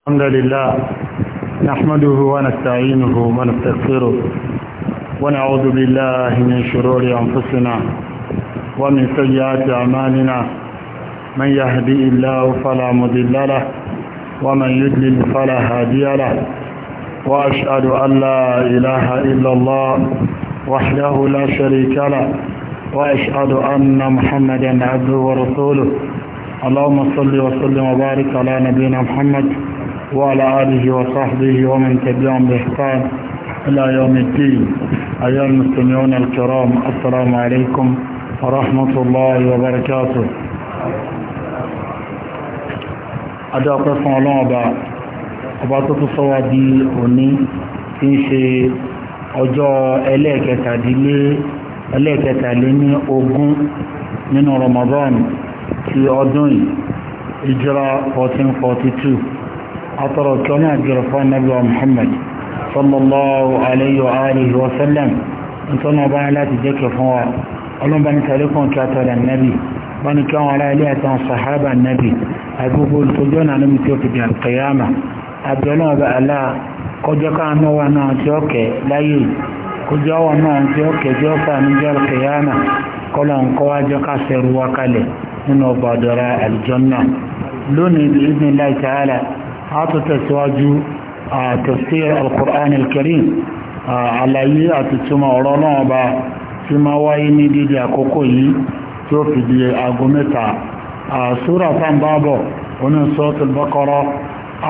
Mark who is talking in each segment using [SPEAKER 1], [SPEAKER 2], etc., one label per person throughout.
[SPEAKER 1] الحمد لله نحمده ونستعينه ونستغفره ونعوذ بالله من شرور أنفسنا ومن سيئات أعمالنا من يهدي الله فلا مضل له ومن يضلل فلا هادي له وأشهد أن لا إله إلا الله وحده لا شريك له وأشهد أن محمدا عبده ورسوله اللهم صل وسلم وبارك على نبينا محمد وعلى آله وصحبه ومن تبعهم بإحسان إلى يوم الدين أيها المستمعون الكرام السلام عليكم ورحمة الله وبركاته أدعى قسم الله أبا أبا تتصوى دي أني تنشي ọjọ́ ẹlẹ́ẹ̀kẹtàdínlé ẹlẹ́ẹ̀kẹtàlé ní ogún nínú Ramadan ti ọdún ìjírá 1442 àtọrọ kí wọ́n náà jùrọ̀ fún anábíwa muhammad sallallahu alayhi wa alihi wa sallam nítorí ọba láti jẹ́ kí fún wa ọlọ́mọba ní sàlékùn kí àtọrọ anábì wọ́n ni kí wọ́n ará ilé àtàwọn sàhábà anábì agbogbo olùtọ́jú ọ̀nà anábì tí ó fi di àkẹyàmà abiola ọba lónìí bí ibi tààlà àtútẹ̀síwájú tafsir al-Qur'an al-Karim àlàyé àti túnmọ̀ ọ̀rọ̀ náà bá tí ma wáyé ní dídí àkókò yìí tí ó fi di aago mẹ́ta sura fáńbábọ̀ oní suratul Baqara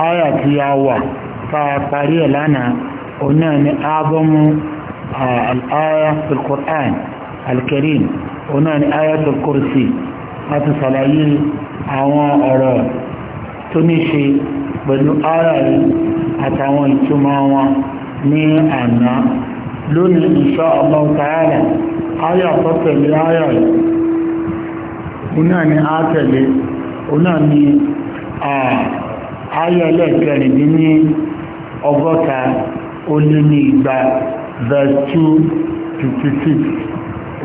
[SPEAKER 1] áyà tí a wà tá a parí ẹ̀ lánàá oní ẹni ábọ́mú al-aya fil Qur'an al-Karim oní ẹni ayatul kursi láti sàlàyé àwọn ọ̀rọ̀ tó ní ṣe pẹ̀lú ara yìí àtàwọn ìtumọ̀ wọn ní àná lónìí insha Allah ta'ala ayà tó tẹ̀lé ayà yìí oná ni a tẹ̀lé oná ni ayà ẹlẹ́kẹrin ní ní ọgọ́ta ó ní igba verse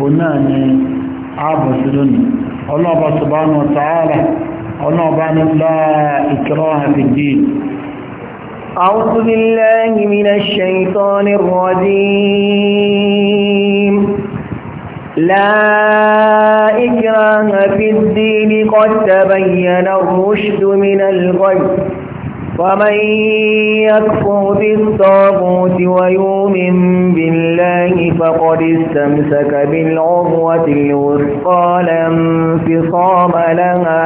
[SPEAKER 1] oná ni sí lónìí بعد لا إكراه في الدين أعوذ بالله من الشيطان الرجيم لا إكراه في الدين قد تبين الرشد من الغي فمن يكفر بالطاغوت ويؤمن بالله فقد استمسك بالعروة الوثقى لا انفصام لها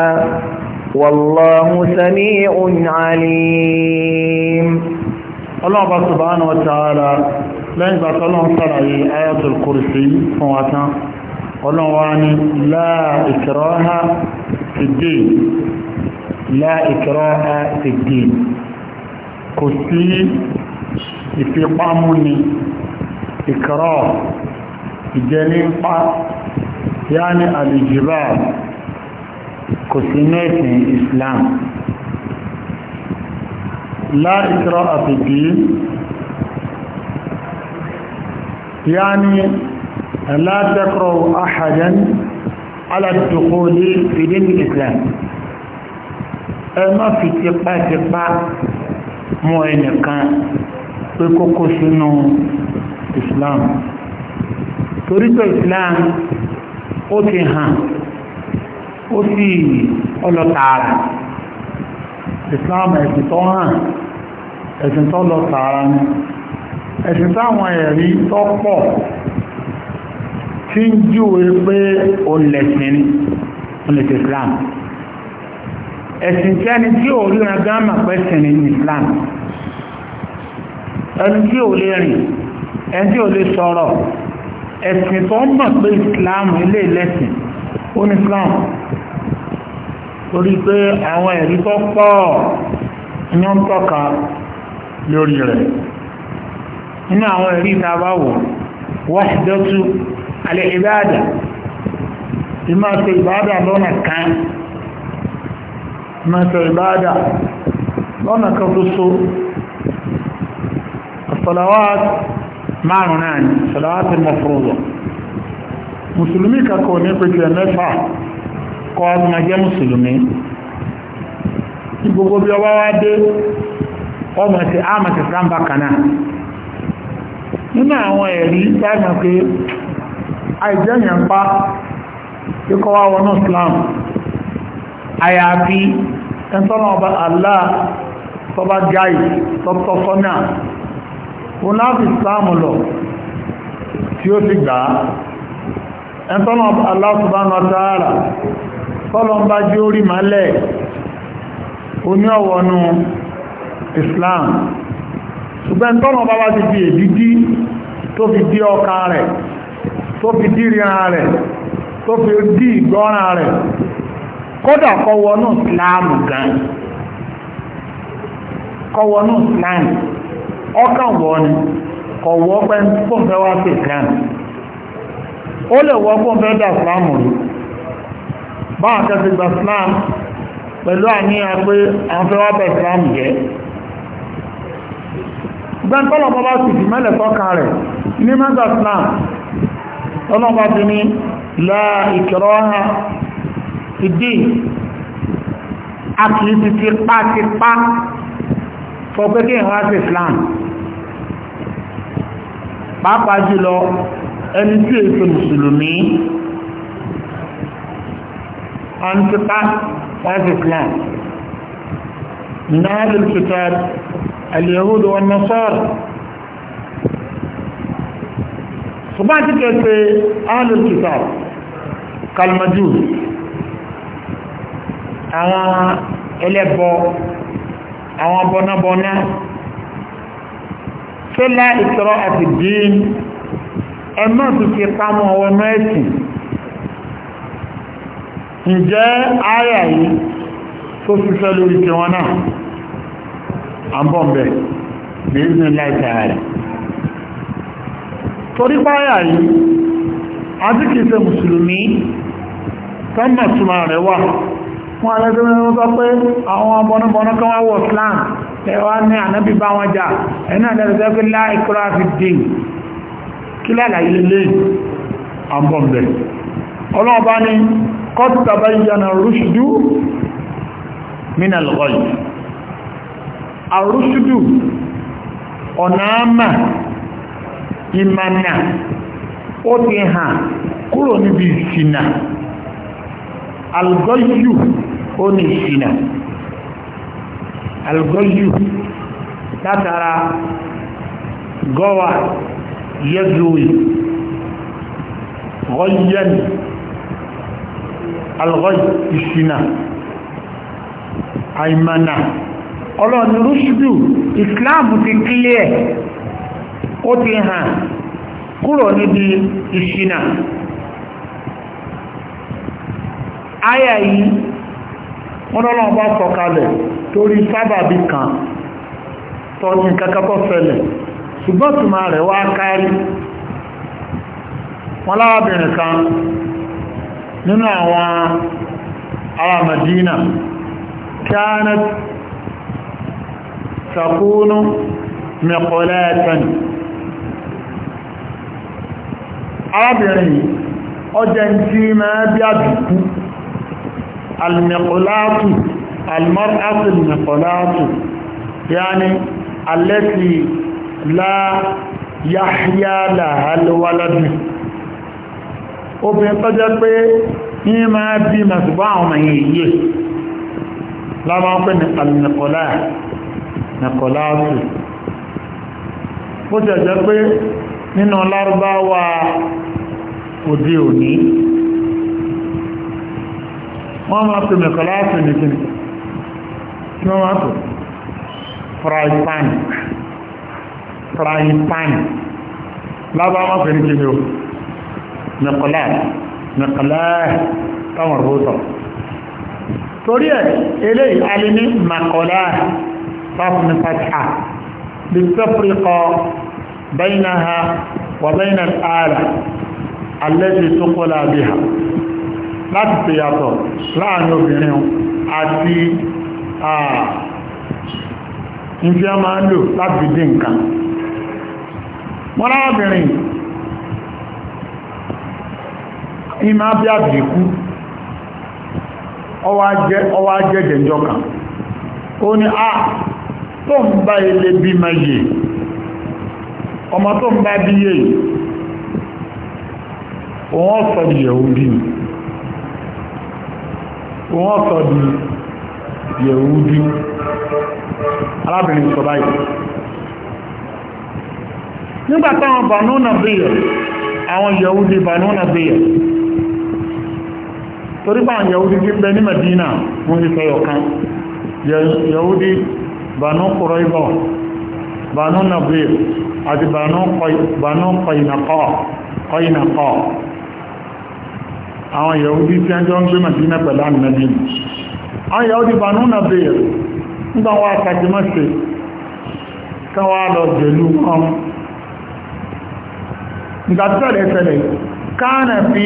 [SPEAKER 1] والله سميع عليم الله سبحانه وتعالى لن بطلهم صلعي آية الكرسي فواتا ونواني لا إكراه في الدين لا إكراه في الدين كرسي في قامني إكراه جنيفة يعني الإجبار kò sí mẹ́sìn Islam láìsọ́rọ̀ àfìdí yáni látẹ́kọ̀ọ́ àhàdán aládùkú ní ìdín Islam ẹ má fi tipátipá mú ẹnìkan pé kókó sínú Islam torí Islam ó ti hàn ó sì ọlọ tààrà islam ẹ̀sìn tó hàn ẹ̀sìn tó lọ tààrà ni ẹ̀sìn táwọn ẹ̀rí tó pọ̀ tí ń júwe pé o lẹ̀sìn ni o lè ti islam ẹ̀sìn tí ẹni tí ò ríran gánmà pẹ́sìn ni islam ẹni tí ò lè rìn ẹni tí ò lè sọ̀rọ̀ ẹ̀sìn tó mọ̀ pé islam ilé lẹ́sìn fún Islam torí pé àwọn ẹ̀rí tó pọ̀ ní ń tọ́ka lórí rẹ̀ nínú àwọn ẹ̀rí ìta bá wò wahdatu al-ibada ìmọ̀ ṣe ìbádà lọ́nà kan ìmọ̀ ṣe ìbádà lọ́nà kan tó so as márùn-ún náà ni as-salawat al-mafruḍa mùsùlùmí kankan ní pẹ̀tẹ̀ mẹ́fà kọ́ máa jẹ́ mùsùlùmí tí gbogbo bí ọwá wá dé ọmọ ti àmà ti sáńbà kanáà nínú àwọn ẹ̀rí dáìmọ̀ pé àìjẹ́yàn pa wá wọnú Islam àyàfi ẹntọ́nà ọba Allah tọba gáì tọ́tọ́ sọ́nà wọn láti Islam lọ tí ó ti gbàá ẹ̀ntọ́nà Allah subhanahu wa ta'ala tọ́lọ ń bá jí orí málẹ̀ oní ọ̀wọ̀nú Islam ṣùgbọ́n tọ́lọ bá bá ti fi èdídí tó fi dí ọkà rẹ̀ tó fi dí ríran rẹ̀ tó fi dí ìgbọ́ràn rẹ̀ kódà kọwọ́nú Islam gan kọwọ́nú Islam ọkàn wọ́n ni kọ̀wọ́ pẹ́ fún fẹ́ sí Islam ó lè wọ́gbọ́n fẹ́ dà sílámù rí bá àtẹ́sí gba sílámù pẹ̀lú àníyàn pé àwọn fẹ́ wá bẹ̀ sílámù jẹ́ gbẹ́ntọ́lọ̀ bọ́bá sì fi mẹ́lẹ̀ tọ́ka rẹ̀ ní mẹ́ta sílámù ọlọ́pàá ti ní la ikraha ìdí àkìí ti ti pa ti pa fọ pé kí ìhàn á sí sílámù pàápàá jùlọ ẹni tí è ṣe mùsùlùmí antipa of islam من أهل الكتاب اليهود والنصارى ṣùgbọ́n àti kẹsẹ̀ أهل الكتاب كالمجوس àwọn ẹlẹ́bọ àwọn bọnabọna fẹ́lá ìtọ́rọ àti dín ẹ má fi fi pamọ́ ọwọ́nú ẹ̀sìn ǹjẹ́ àyà yìí tó ṣiṣẹ́ lórí tiwọn náà à ń bọ̀ ń bẹ̀ ní ìsìn láìsẹ̀ rẹ̀ torí páyà yìí àti kìí ṣe mùsùlùmí tọ́mọ̀ túnmà rẹ̀ wà wọ́n alẹ́gbẹ̀rẹ̀ wọ́n sọ pé àwọn ọmọbọnúbọnú kan wá wọ̀ Islam ẹ̀wà ní ànábì wọn jà ẹ̀nà àdẹ́rẹ̀ kí ya na àbọ̀m̀bẹ̀ ọlọ́ọ̀bá ní kọ́tàbá ìyànà rúṣùdú na àrúṣùdù ọ̀nàámà ìmànà ó ti hàn kúrò níbi ìsìnà algọ́yù ó ní ìsìnà algọ́yù látara gọwa. يجوي غيا الغي الشنا àìmànà ọlọ́ni rúṣùdù ìsìláàmù ti kílẹ̀ ẹ̀ ó ti hàn kúrò níbi ìṣìnà ayà yìí wọ́n lọ́lọ́wọ́ bá sọ̀kalẹ̀ torí sábàbí kan tọ́ ní kankan tó fẹ́lẹ̀ ṣùgbọ́n tùmọ̀ rẹ̀ wá kárí wọn lábìnrin kan nínú àwọn ará Madina كانت تكون مقلاة arábìnrin ọjẹ́ tí máa bí àbìkú alìmẹ̀kọ́láàtù alìmọ́rásìlìmẹ̀kọ́láàtù yáni alẹ́tì la yáhíyá làálùwáládù obìnrin tó jẹ́ pé ní máa bí màṣùgbọ́ àwọn ọmọ yìí yìí lábá ń pè ní alìnàkọ̀lá nàkọ̀lá ọ̀tù bó ti jẹ́ pé nínú lárúbáwá òde òní wọ́n máa pè nàkọ̀lá ọ̀tù nìkan kí wọ́n máa pè frypan frying pan lábá wọn fẹ́ ní kí ni o mẹ́kọ̀lá mẹ́kọ̀lá táwọn ọ̀rọ̀ sọ torí ẹ̀ eléyìí a lè ní mẹ́kọ̀lá táwọn ní pàtàkì bí sẹ́fúrí kọ bẹ́yìnà ha wà bẹ́yìnà ààrẹ alẹ́bí tó kọ́lá bí ha láti fi yàtọ̀ láàrin obìnrin àti ìfẹ́ máa ń lò láti dín nǹkan wọ́n lábìnrin ìmá bí àbìkú ọwá jẹ́jẹ̀ jọkà ó ní a tó ń bá ilé bí mẹ́yẹ ọmọ tó ń bá bí yẹ òun ọ̀sọ̀ di yẹ̀húdí òun ọ̀sọ̀ di yẹ̀húdí arábìnrin sọ báyìí nígbà táwọn bànú nàbíyà àwọn yahudi bànú nàbíyà torí bá àwọn yahudi ti bẹ ní Madina wọ́n ti sọ̀yọ̀ kan yahudi bànú kúrọ́ìbọ̀ bànú nàbíyà àti bànú kọ̀ìnàkọ́ kọ̀ìnàkọ́ àwọn yahudi tí a jọ ń gbé Madina pẹ̀lú àmì Madina àwọn yahudi bànú nàbíyà nígbà wọn àtàkì mọ́sí káwàá lọ jẹ̀lú kan nígbà tí ọ̀lẹ́ ṣẹlẹ̀ káànà fi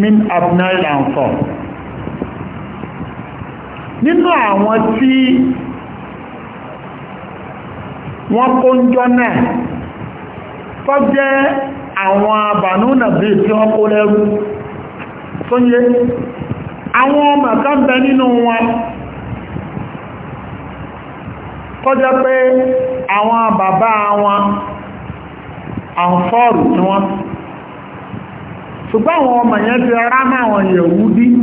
[SPEAKER 1] min abnail ansar nínú àwọn tí wọ́n kó ń jọ náà tó jẹ́ àwọn àbànú nàbí tí wọ́n kó lẹ́rú tó yé àwọn ọmọ kan bẹ nínú wọn kọjá pé àwọn bàbá wọn Ahụfọrụ tí wọ́n ṣùgbọ́n àwọn ọmọ ara ma rá máa wọn yẹ̀wú ti ń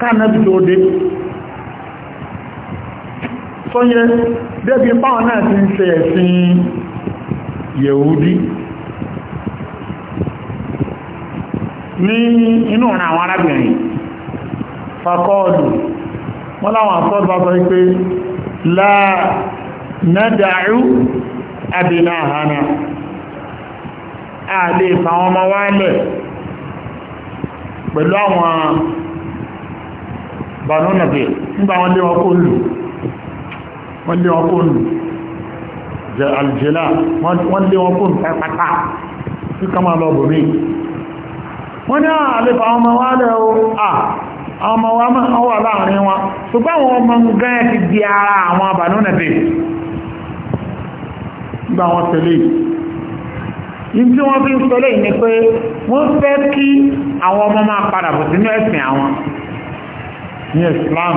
[SPEAKER 1] ṣe ẹ̀sìn yẹ̀wú dí ní inú ọ̀nà àwọn arábìnrin fakọ́ọ̀lù wọ́n láwọn àfọ́ọ̀lù bá sọ na a lè fà wọn ọmọ wá lẹ̀ pẹ̀lú àwọn bànúnàbẹ̀ nígbà wọn lé wọn kó lù wọ́n lé wọn kó lù jẹ àlùjẹ́là wọ́n lé wọn kó lù pátápátá tí ká máa lọ bò mí wọ́n ní àlè fà ọmọ wá lẹ̀ o à àwọn ọmọ wa máa wà láàrin wọn ṣùgbọ́n àwọn ọmọ nǹkan ẹ̀ ti di ara àwọn àbànúnàbẹ̀ nígbà wọn tẹ̀lé yìí ní tí wọ́n fi ń sọ lẹ́yìn ni pé wọ́n fẹ́ kí àwọn ọmọ máa padà bọ̀ sínú ẹ̀sìn àwọn ní Islam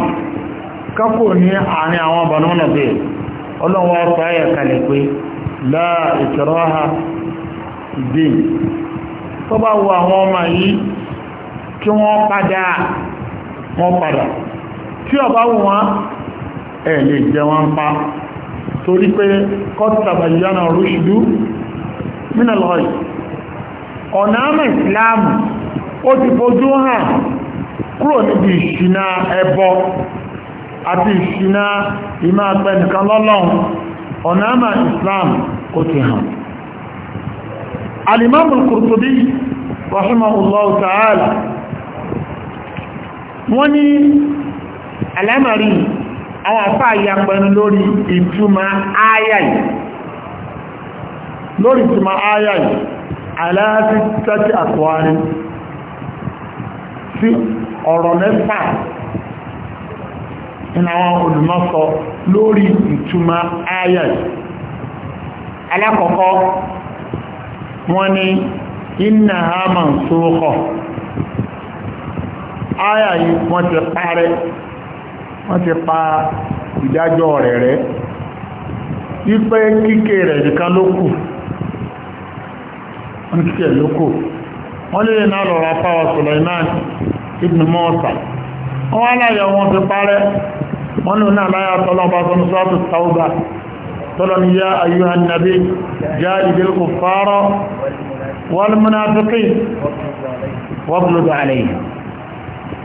[SPEAKER 1] kápò ní àárín àwọn ọbànúmọ̀nà bẹ́ẹ̀ ọlọ́wọ́ ọ̀pọ̀ ayẹ̀ kalẹ̀ pé láà ìkẹrọ́ha dìn tó bá wo àwọn ọmọ yìí kí wọ́n padà wọ́n padà tí ọba wù wọ́n ẹ̀ lè jẹ wọ́n pa torí pé kọ́tàbàyánà rúṣìdú nínú lọ́yì ọ̀nà àmà ìsìláàmù ó ti fojú hàn kúrò níbi ìṣìnà ẹbọ àti ìṣìnà ìmọ̀ àgbẹ̀ nìkan lọ́lọ́run ọ̀nà àmà ìsìláàmù ó ti hàn alimamul Qurtubi rahimahullahu ta'ala lórí ti ma áyà yìí aláàtí tẹ́tí àtúwárí sí ọ̀rọ̀ mẹ́fà iná àwọn olùmọ́sọ lórí ìtumọ̀ áyà yìí alákọ̀ọ́kọ́ wọ́n ní iná hama sókọ̀ áyà yìí wọ́n ti parẹ́ wọ́n ti pa ìdájọ́ rẹ̀ rẹ̀ wípé kíkẹ́ rẹ̀ nìkan ló kù dúkì ẹ̀ lókò wọ́n lè náà lọ ra páwà Suleiman ibn Musa wọ́n wá láyé wọn fi parẹ́ wọ́n lò náà láyé àtọ́lọ́ba tó ń sọ́ọ̀tù tàwùbà tọ́lọ́ ni yá ayyuhan nabi jahidil kuffara wal munafiqin wọ́pùlùdù àlẹ́yìn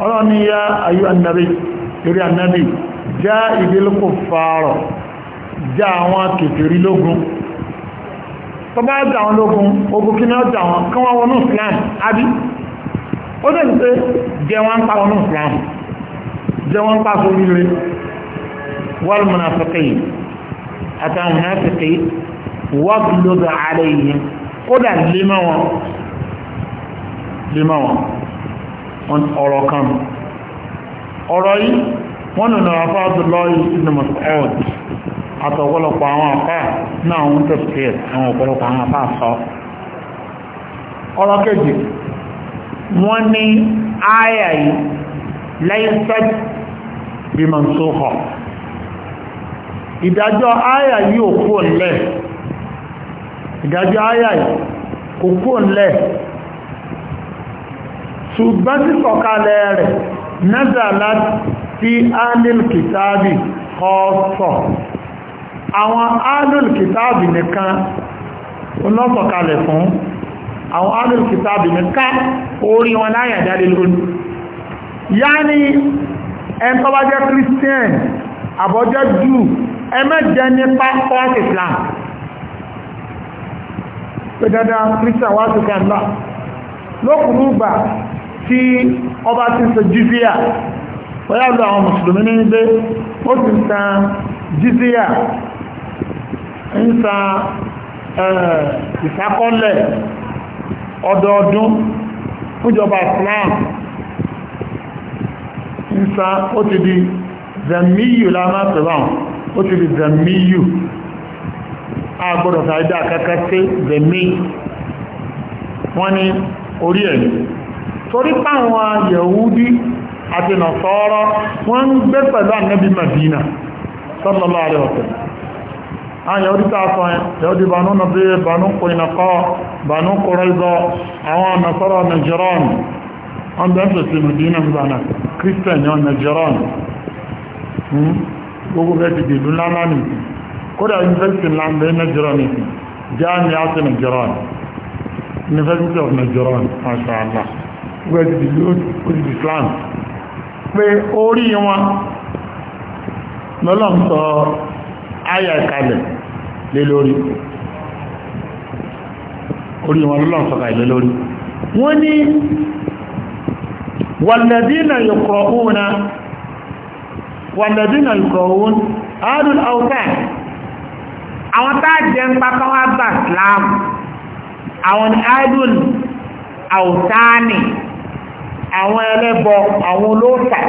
[SPEAKER 1] ọlọ́run ni yá ayyuhan nabi eré annabi jahidil kuffara já àwọn kèfèrí lógun tó bá dà wọn lógun ogun kí náà dà wọn kí wọ́n wọnú Islam àbí ó dẹ̀ ń pé jẹ wọn ń pa wọnú Islam jẹ wọn ń pa sórí rẹ wal munafiqin àtàwọn munafiqin waghlub alayhim kódà lé mọ́ wọn lè máa wọn ọ̀rọ̀ kan ọ̀rọ̀ yìí wọ́n nà náà fáwọn lọ́yìn ìdínà mọ̀sán ọ̀dì àtọ̀pọ̀lọpọ̀ àwọn àpá náà ń tẹ̀síẹ̀ àwọn ọ̀pọ̀lọpọ̀ àwọn àpá sọ ọ̀rọ̀ kejì wọ́n ní àyà yìí laysat bimansukha ìdájọ́ àyà yìí ò kúrò nílẹ̀ ìdájọ́ àyà yìí kò kúrò nílẹ̀ ṣùgbọ́n tí sọ̀kalẹ̀ rẹ̀ nazalat fi ahlil kitabi kọ́ sọ̀ àwọn alùlùkìtàbì nìkan ọlọ́sọ̀kalẹ̀ fún àwọn alùlùkìtàbì nìkan orí wọn láyàjáde lórí yá ní ẹn christian àbọ́jẹ́ jù ẹmẹ́jẹ ní passport islam pé dandan christian wá sí kẹ́ńdà lókùnrin gbà tí ọba ti ń ṣe jizia bóyá lọ àwọn mùsùlùmí ní gbé ó ti ń san ń sa ìsákọ́lẹ̀ ọdọọdún fúnjọba Islam ń san ó ti di zamiyu lámá pẹ̀lú ó ti di zamiyu a gbọ́dọ̀ sàídá kẹ́kẹ́ sí zami wọ́n ní orí ẹ̀ torí páwọn Yahudi àti Nasara wọ́n ń gbé pẹ̀lú ànábì Madina sallallahu alaihi wasallam àwọn yahudi tá a sọ yẹn yahudi banu nàbí banu kòyìnàkọ́ banu kòrẹ́zọ àwọn nasọ́rọ̀ nàìjíríàn wọ́n bẹ́ẹ̀ fèsì mùdínà nígbà náà christian yọ nàìjíríàn hmm? gbogbo bẹ́ẹ̀ ti dìdú lánàá nì kódà university ńlá ń bẹ nàìjíríà nì jáàmì àti nàìjíríà university of nàìjíríà masha allah gbogbo ti dìdú ó ti di islam pé orí wọn lọ́lọ́m sọ ayà lé lórí orí wọn lọ́nà sọ́kà ilé lórí wọ́n ní wàlẹ̀dínà yọkọ̀ọ́wọ́nà wàlẹ̀dínà yọkọ̀ọ́wọ́n àádùn àwọ́tà àwọn táà jẹ́ ń pápá wá bà Islam àwọn àádùn àwòtáàni àwọn ẹlẹ́bọ àwọn olóòtà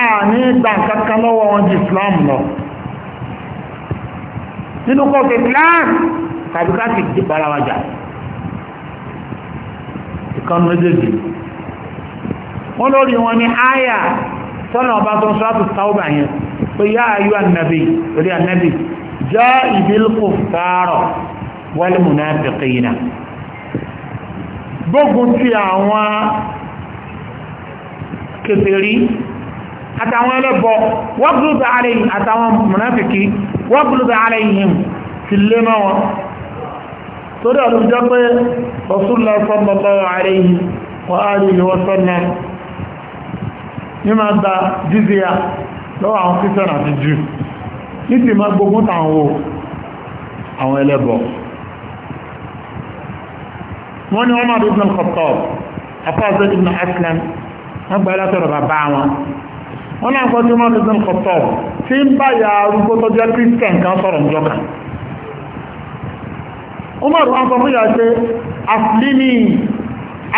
[SPEAKER 1] àà ní ìgbà kankan lọ́wọ́ wọn jù Islam lọ no nínú kọ́ọ̀kẹ́ plan tàbí káàkiri ti bára wa jà ìkan méjèèjì wọ́n lórí wọn ní àyà tọ́nà ọba tó ń sọ́ àti tàwọ́bà yẹn pé yá ayú ànàbì orí ànàbì jẹ́ ìdílùkù fàárọ̀ wal munafiqina gbógun ti àwọn kèfèrí àtàwọn ẹlẹ́bọ wọ́n gbógun àrẹ àtàwọn mùnáfìkì wọ́n bùrù bẹ̀ ara ìhìn ti lé mọ́ wọn torí ọ̀rọ̀ jọ pé ọ̀sùnlọ sọ́bọ̀bọ̀ ara ìhìn wọ́n á rí ìwọ́ sọ́nà ní máa gba jíjìyà lọ́wọ́ àwọn kírísítẹ̀nì àti jù ní ti gbogbo táwọn àwọn ẹlẹ́bọ wọ́n ní wọ́n máa dúró ní ọkọ̀ tọ́ wọ́n náà kọ́ tí wọ́n lè sọ́n kọ̀tọ̀ tí ń bá ya arúgbó tó jẹ́ christian kan sọ̀rọ̀ ìjọba Umar wọn sọ fún yà pé aslimi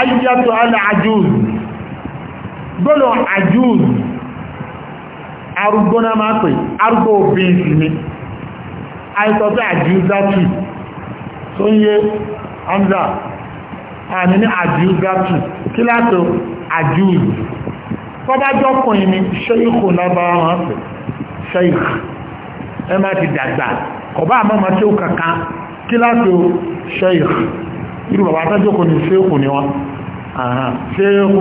[SPEAKER 1] ayyatu ala ajuz gbọ́lọ̀ ajuz arúgbó náà máa pè arúgbó obìnrin sí ni àìsọ̀ pé àjíúgátù tó ń yé hamza àmì ní àjíúgátù kí látò àjíúgátù tọ́bájọ́kùnrin ni ṣẹ́ìkù lábá wọn pẹ̀ ṣẹ́ìkù ẹ má ti dàgbà kọ̀bá àmọ́mọ́ tí ó kankan kí láti ó ṣẹ́ìkù irú bàbá tọ́jọ́kùn ni ṣẹ́ìkù ni wọ́n ṣẹ́ìkù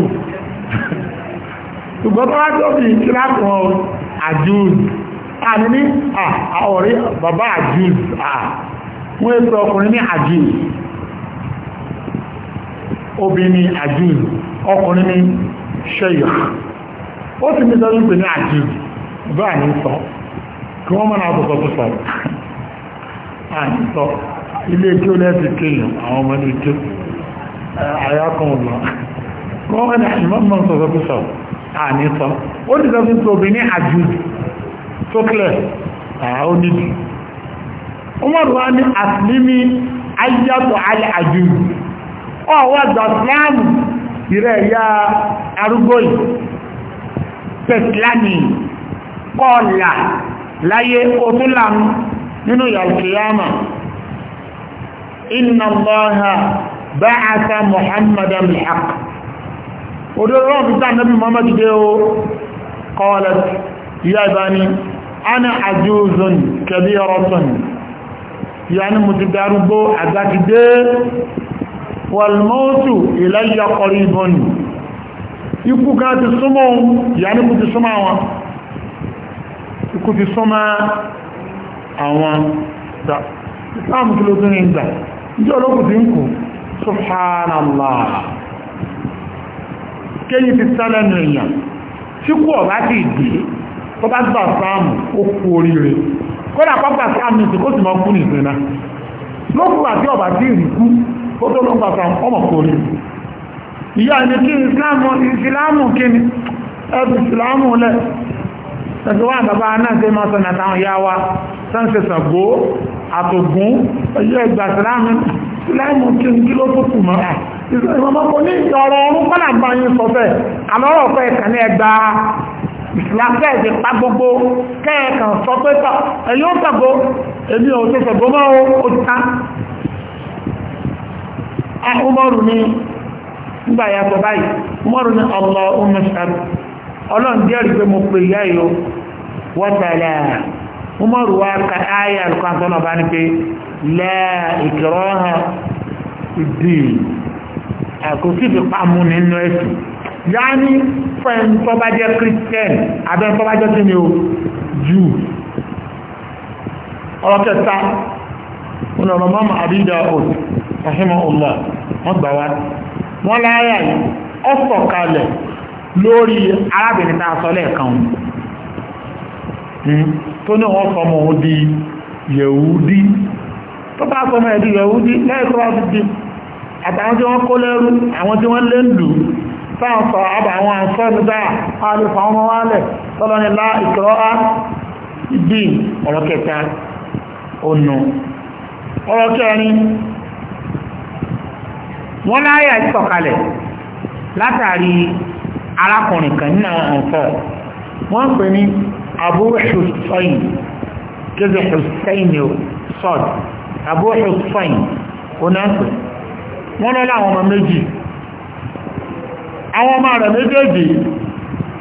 [SPEAKER 1] ṣùgbọ́n tọ́bájọ́kùn kí láti wọn àjùz àní ní àọ̀rí bàbá àjùz wọ́n ètò ọkùnrin ní àjùz obìnrin àjùz ọkùnrin ní ṣẹ́ìkù ó sì mítọ́ ní pè ní àjíù bá ní sọ kí wọ́n mọ́nà ọ̀pọ̀ tó sọ àìsọ ilé tí ó lẹ́ẹ̀sì kéèyàn àwọn ọmọ ilé tí àyákan ọ̀lọ́ kí wọ́n mọ́nà ìmọ̀mọ́ sọ̀tọ̀ tó sọ àìsọ ó sì sọ fún tóbi ní àjíù tó kílẹ̀ àwọn onídì Umar wa ní àtìlímí ayyàtọ̀ alẹ́ àjíù ọ̀wọ́ ìgbà Islam ìrẹ̀ ìyá arúgbó yìí tẹ̀síláàmì kọ́ọ̀là láyé òtúlàmù nínú yàlùkìyàmà inna allaha ba'atha muhammadan bilhaq òdòrò fi sáà nàbí muhammadu dé o kọ́ọ̀lá ìyá ìbáni ana àjúzùn kẹbíọ̀rọ̀tún ìyá ni mo ti darúgbó àgbàkidé wàlmọ́tù ilayya ikú ká ti súnmọ́ ìyá ní kú ti súnmọ́ àwọn ikú ti súnmọ́ àwọn ìgbà ìsáàmù kí ló tún ní ìgbà ìjọ olókù ti ń kù subhanallah kéyìn ti sálẹ̀ nù èèyàn tí kú ọ̀bá ti dé tó bá gbà sáàmù ó kú oríire kódà pọ́pà sáàmù ti kó sì ìyá ni kí ìsìláàmù ìsìláàmù kí ni ẹbí ìsìláàmù lẹ̀ ẹgbẹ́ wà bàbá náà tẹ́ máa sọ nàtàwọn ìyá wa sáńsẹ̀ sàgbó àtògún ẹyẹ ìgbà ìsìláàmù ìsìláàmù kí ni kí ló tó kù mọ́ ìmọ̀mọ́kọ ní ọ̀rọ̀ ọ̀run kọ́nà bá yín sọ bẹ́ẹ̀ àmọ́ ọ̀rọ̀ pẹ́ ẹ̀kàn ní ẹgbà ìsìláàfẹ́ ẹ̀dẹ̀ pa gbogbo kẹ́ẹ̀kàn sọ pé tọ́ ẹ̀yọ́ sọ̀gbọ́ èmi ò ṣe sọ̀gbọ́ mọ́ ó ti ta nígbà yàtọ̀ báyìí mọ́rún ní ọlọ́ ọmọṣàd ọlọ́run jẹ́rìí pé mo pè ìyá yìí wọ́tàlá mọ́rù wá ka áyà kan tó náà bá ní pé lẹ́ ìkìrọ́ ha ìdí ẹ̀kọ́ sí fi pàmù nínú ẹ̀sìn yáni fẹ́ẹ̀n tó bá jẹ́ christian abẹ́ tó bá jẹ́ kí ni o jù ọ̀rọ̀ kẹta wọn lọ́rọ̀ mọ́mọ́ àbídà ọ̀t rahimahullah wọ́n gbà wá wọ́n láyà yìí ó sọ̀kalẹ̀ lórí arábìnrin tá a sọ lẹ́ẹ̀kan hmm, tó ní wọ́n sọmọ òun di yẹ̀wúdí tó bá sọmọ ẹ̀dí yẹ̀wúdí lẹ́ẹ̀kọ́ ọdún àtàwọn tí wọ́n kó lẹ́rú àwọn tí wọ́n lé ń lù sáà sọ àbà àwọn àǹfọ́nù dáa alùpàá ọmọ wálẹ̀ tọ́lọ́nilá ìkọ́ á bí ọ̀rọ̀ kẹta ọ̀nà ọ̀rọ̀ kẹrin wọ́n láyà ìsọ̀kalẹ̀ látàrí arákùnrin kan nínú àwọn ọ̀fọ́ wọ́n ń pè ní Abu Hussein gẹ́gẹ́ Hussein sọ́d Abu Hussein onáńpè wọ́n lọ́lá àwọn ọmọ méjì àwọn ọmọ rẹ̀ méjèèjì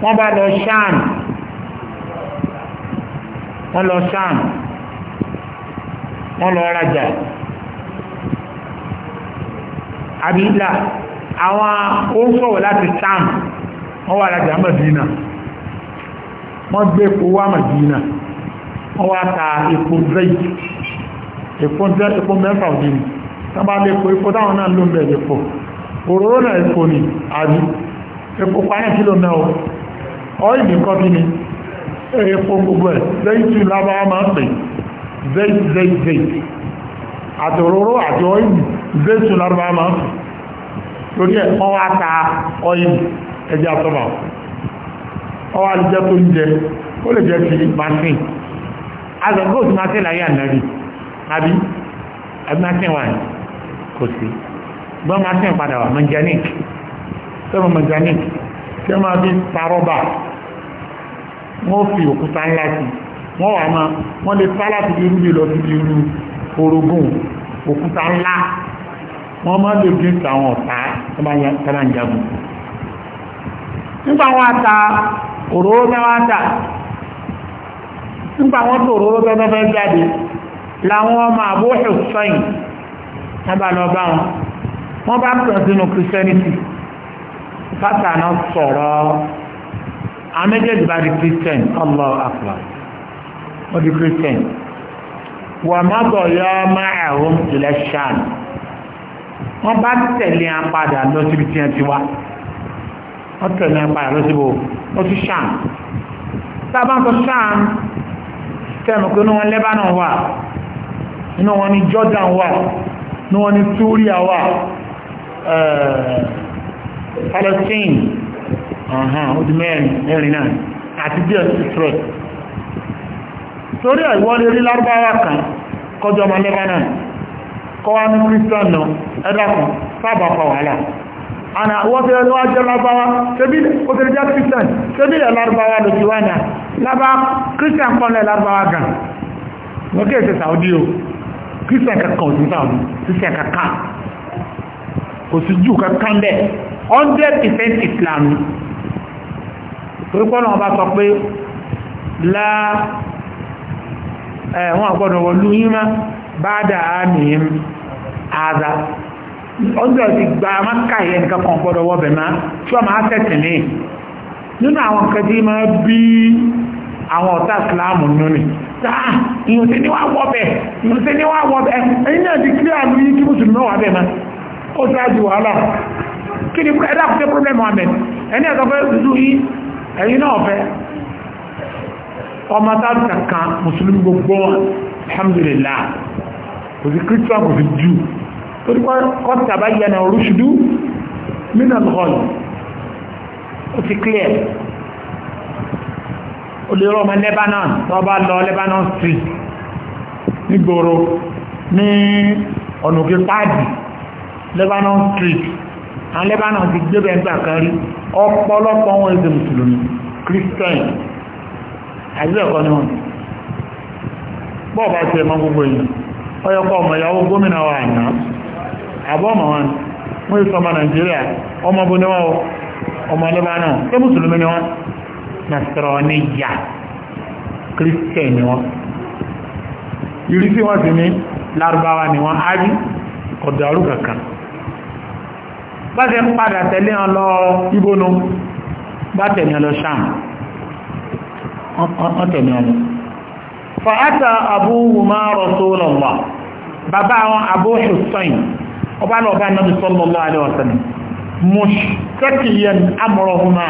[SPEAKER 1] wọ́n bá lọ ṣáàmù wọ́n lọ ṣáàmù wọ́n lọ rajà àbí ìlà àwọn oúnṣọ́wọ̀ láti sam wọ́n wà láti àmàdínà wọ́n gbé epo wá àmàdínà wọ́n wá ta epo drake epo mẹ́fà òdìní tán bá lè po epo táwọn náà ló ń bẹ̀rẹ̀ epo òróró náà epo ni àbí epo pààyàn kí ló náà o ọ́ìlì nǹkan kí ni epo gbogbo ẹ̀ zeitu lábáwá máa ń pè zeit zeit zeit àtòróró àti ọ́ìlì bẹ́ẹ̀tù lárúbá máa ń sùn lórí ẹ̀ wọ́n wá ta ọyìn ẹja sọ́mà wọ́n wá jẹ́ tó ń jẹ ó lè jẹ́ ti martin azọ̀gbọ́ òsì martin láyé ànábì àbí àbí martin wà ní kò sí gbọ́n martin padà wà manganic sọ́mọ manganic tí wọ́n máa fi parọ́bà wọ́n fi òkúta ńlá sí wọ́n wà máa wọ́n lè sá láti irú bí lọ sí irú orogún òkúta ńlá wọ́n máa lò bí àwọn ọ̀tá tó bá yá tẹ́lá ń jagun nígbà wọn ta òróró náà ta nígbà wọn tó òróró tó náà fẹ́ jáde làwọn ọmọ Abu Hussein nígbà lọ bá wọn wọ́n bá pẹ̀ sínú Christianity bàtà náà sọ̀rọ̀ àmẹ́jẹ̀dì bá di Christian Allah akbar wọ́n di Christian wà má bọ̀ yọ máa ẹ̀rọ ìlẹ̀ wọ́n bá tẹ̀lé wọn padà lọ síbi tí wọ́n ti wá wọ́n tẹ̀lé wọn padà lọ síbi ó ti ṣàn tá a bá ń sọ ṣàn tẹ̀mù pé inú wọn Lebanon wà inú wọn ni Jordan wà inú wọn ni Syria wà eh, Palestine uh-huh, ó di mẹ́rin náà àti díẹ̀ Israel torí àìwọ́lé rí lárúbáwá kan kọjọ́ ọmọ Lebanon kọwa ní christian náà ẹ̀dàkùn sábà pa wàhálà àna wọ́n fi ẹlọ́wà jẹ́ lábáwá tẹ́bílẹ̀ ó tẹ́lẹ̀ jẹ́ christian tẹ́bílẹ̀ lárúbáwá lójú wá náà lábá christian kọ́lẹ̀ lárúbáwá gan wọ́n kí èsè saudi o christian kankan òsì saudi christian kankan òsì jù kankan bẹ́ 100% islam torípọ́ náà bá sọ lá ẹ̀ wọ́n àgbọ́dọ̀ wọ́n lú yín má bá dà á ààrà ọjọ́ ti gba amáka yẹn nìkan kan gbọ́dọ̀ wọ́bẹ̀ máa tí wọ́n máa tẹ̀sìn ní nínú àwọn nǹkan tí máa bí àwọn ọ̀tá ìsìláàmù nínú ni sáà ìyọ̀n tí ní wá wọ́bẹ̀ ìyọ̀n tí ní wá wọ́bẹ̀ ẹ̀yìn náà ti kílẹ̀ àmì yìí kí mùsùlùmí wà bẹ̀ máa ó sáájú wàhálà kí ni ẹ̀dá kò tẹ́ pọ́blẹ́mù àmì ẹni ẹ̀sọ́ fẹ́ dúdú yìí ẹ̀yìn náà fẹ́ ọmọ tá kò sí christian kò sí jù tó ní kọ́ tàbá yẹnà orúṣùdú mínà lọ́ọ̀lù ó ti clear ó lè rọ ọmọ Lebanon tó bá lọ Lebanon street nígboro ní ọ̀nà òkè páàdì Lebanon street àwọn Lebanon ti gbé bẹ́ẹ̀ gbà kan rí ọ̀pọ̀lọpọ̀ wọn èdè mùsùlùmí christian àìsí ẹ̀kọ́ ni wọn bọ́ọ̀ bá ti ẹ̀ mọ́ gbogbo èèyàn ọyọ́kọ́ ọmọ ìyàwó gómìnà wa àná àbọ́ ọmọ wọn ọmọ nàìjíríà ọmọ ní wọ́n ọmọ lẹ́bàánà mùsùlùmí ni wọ́n ni wọ́n ìrísí wọn sì ní lárúbáwá ni wọ́n á rí bá ṣe ń padà tẹ̀lé wọn lọ ibónú bá tẹ̀lé wọn lọ sáà wọ́n tẹ̀lé wọn fa'ata abúhùmá rọ̀sọ́lọ̀lọ́ bàbá àwọn abúhùsọ́yìn ọba lọ bá nàbí sọ́lọ́lọ́ àdẹ́wọ̀sán mọ̀ṣẹ́kìyàn amọ̀rọ̀hùmá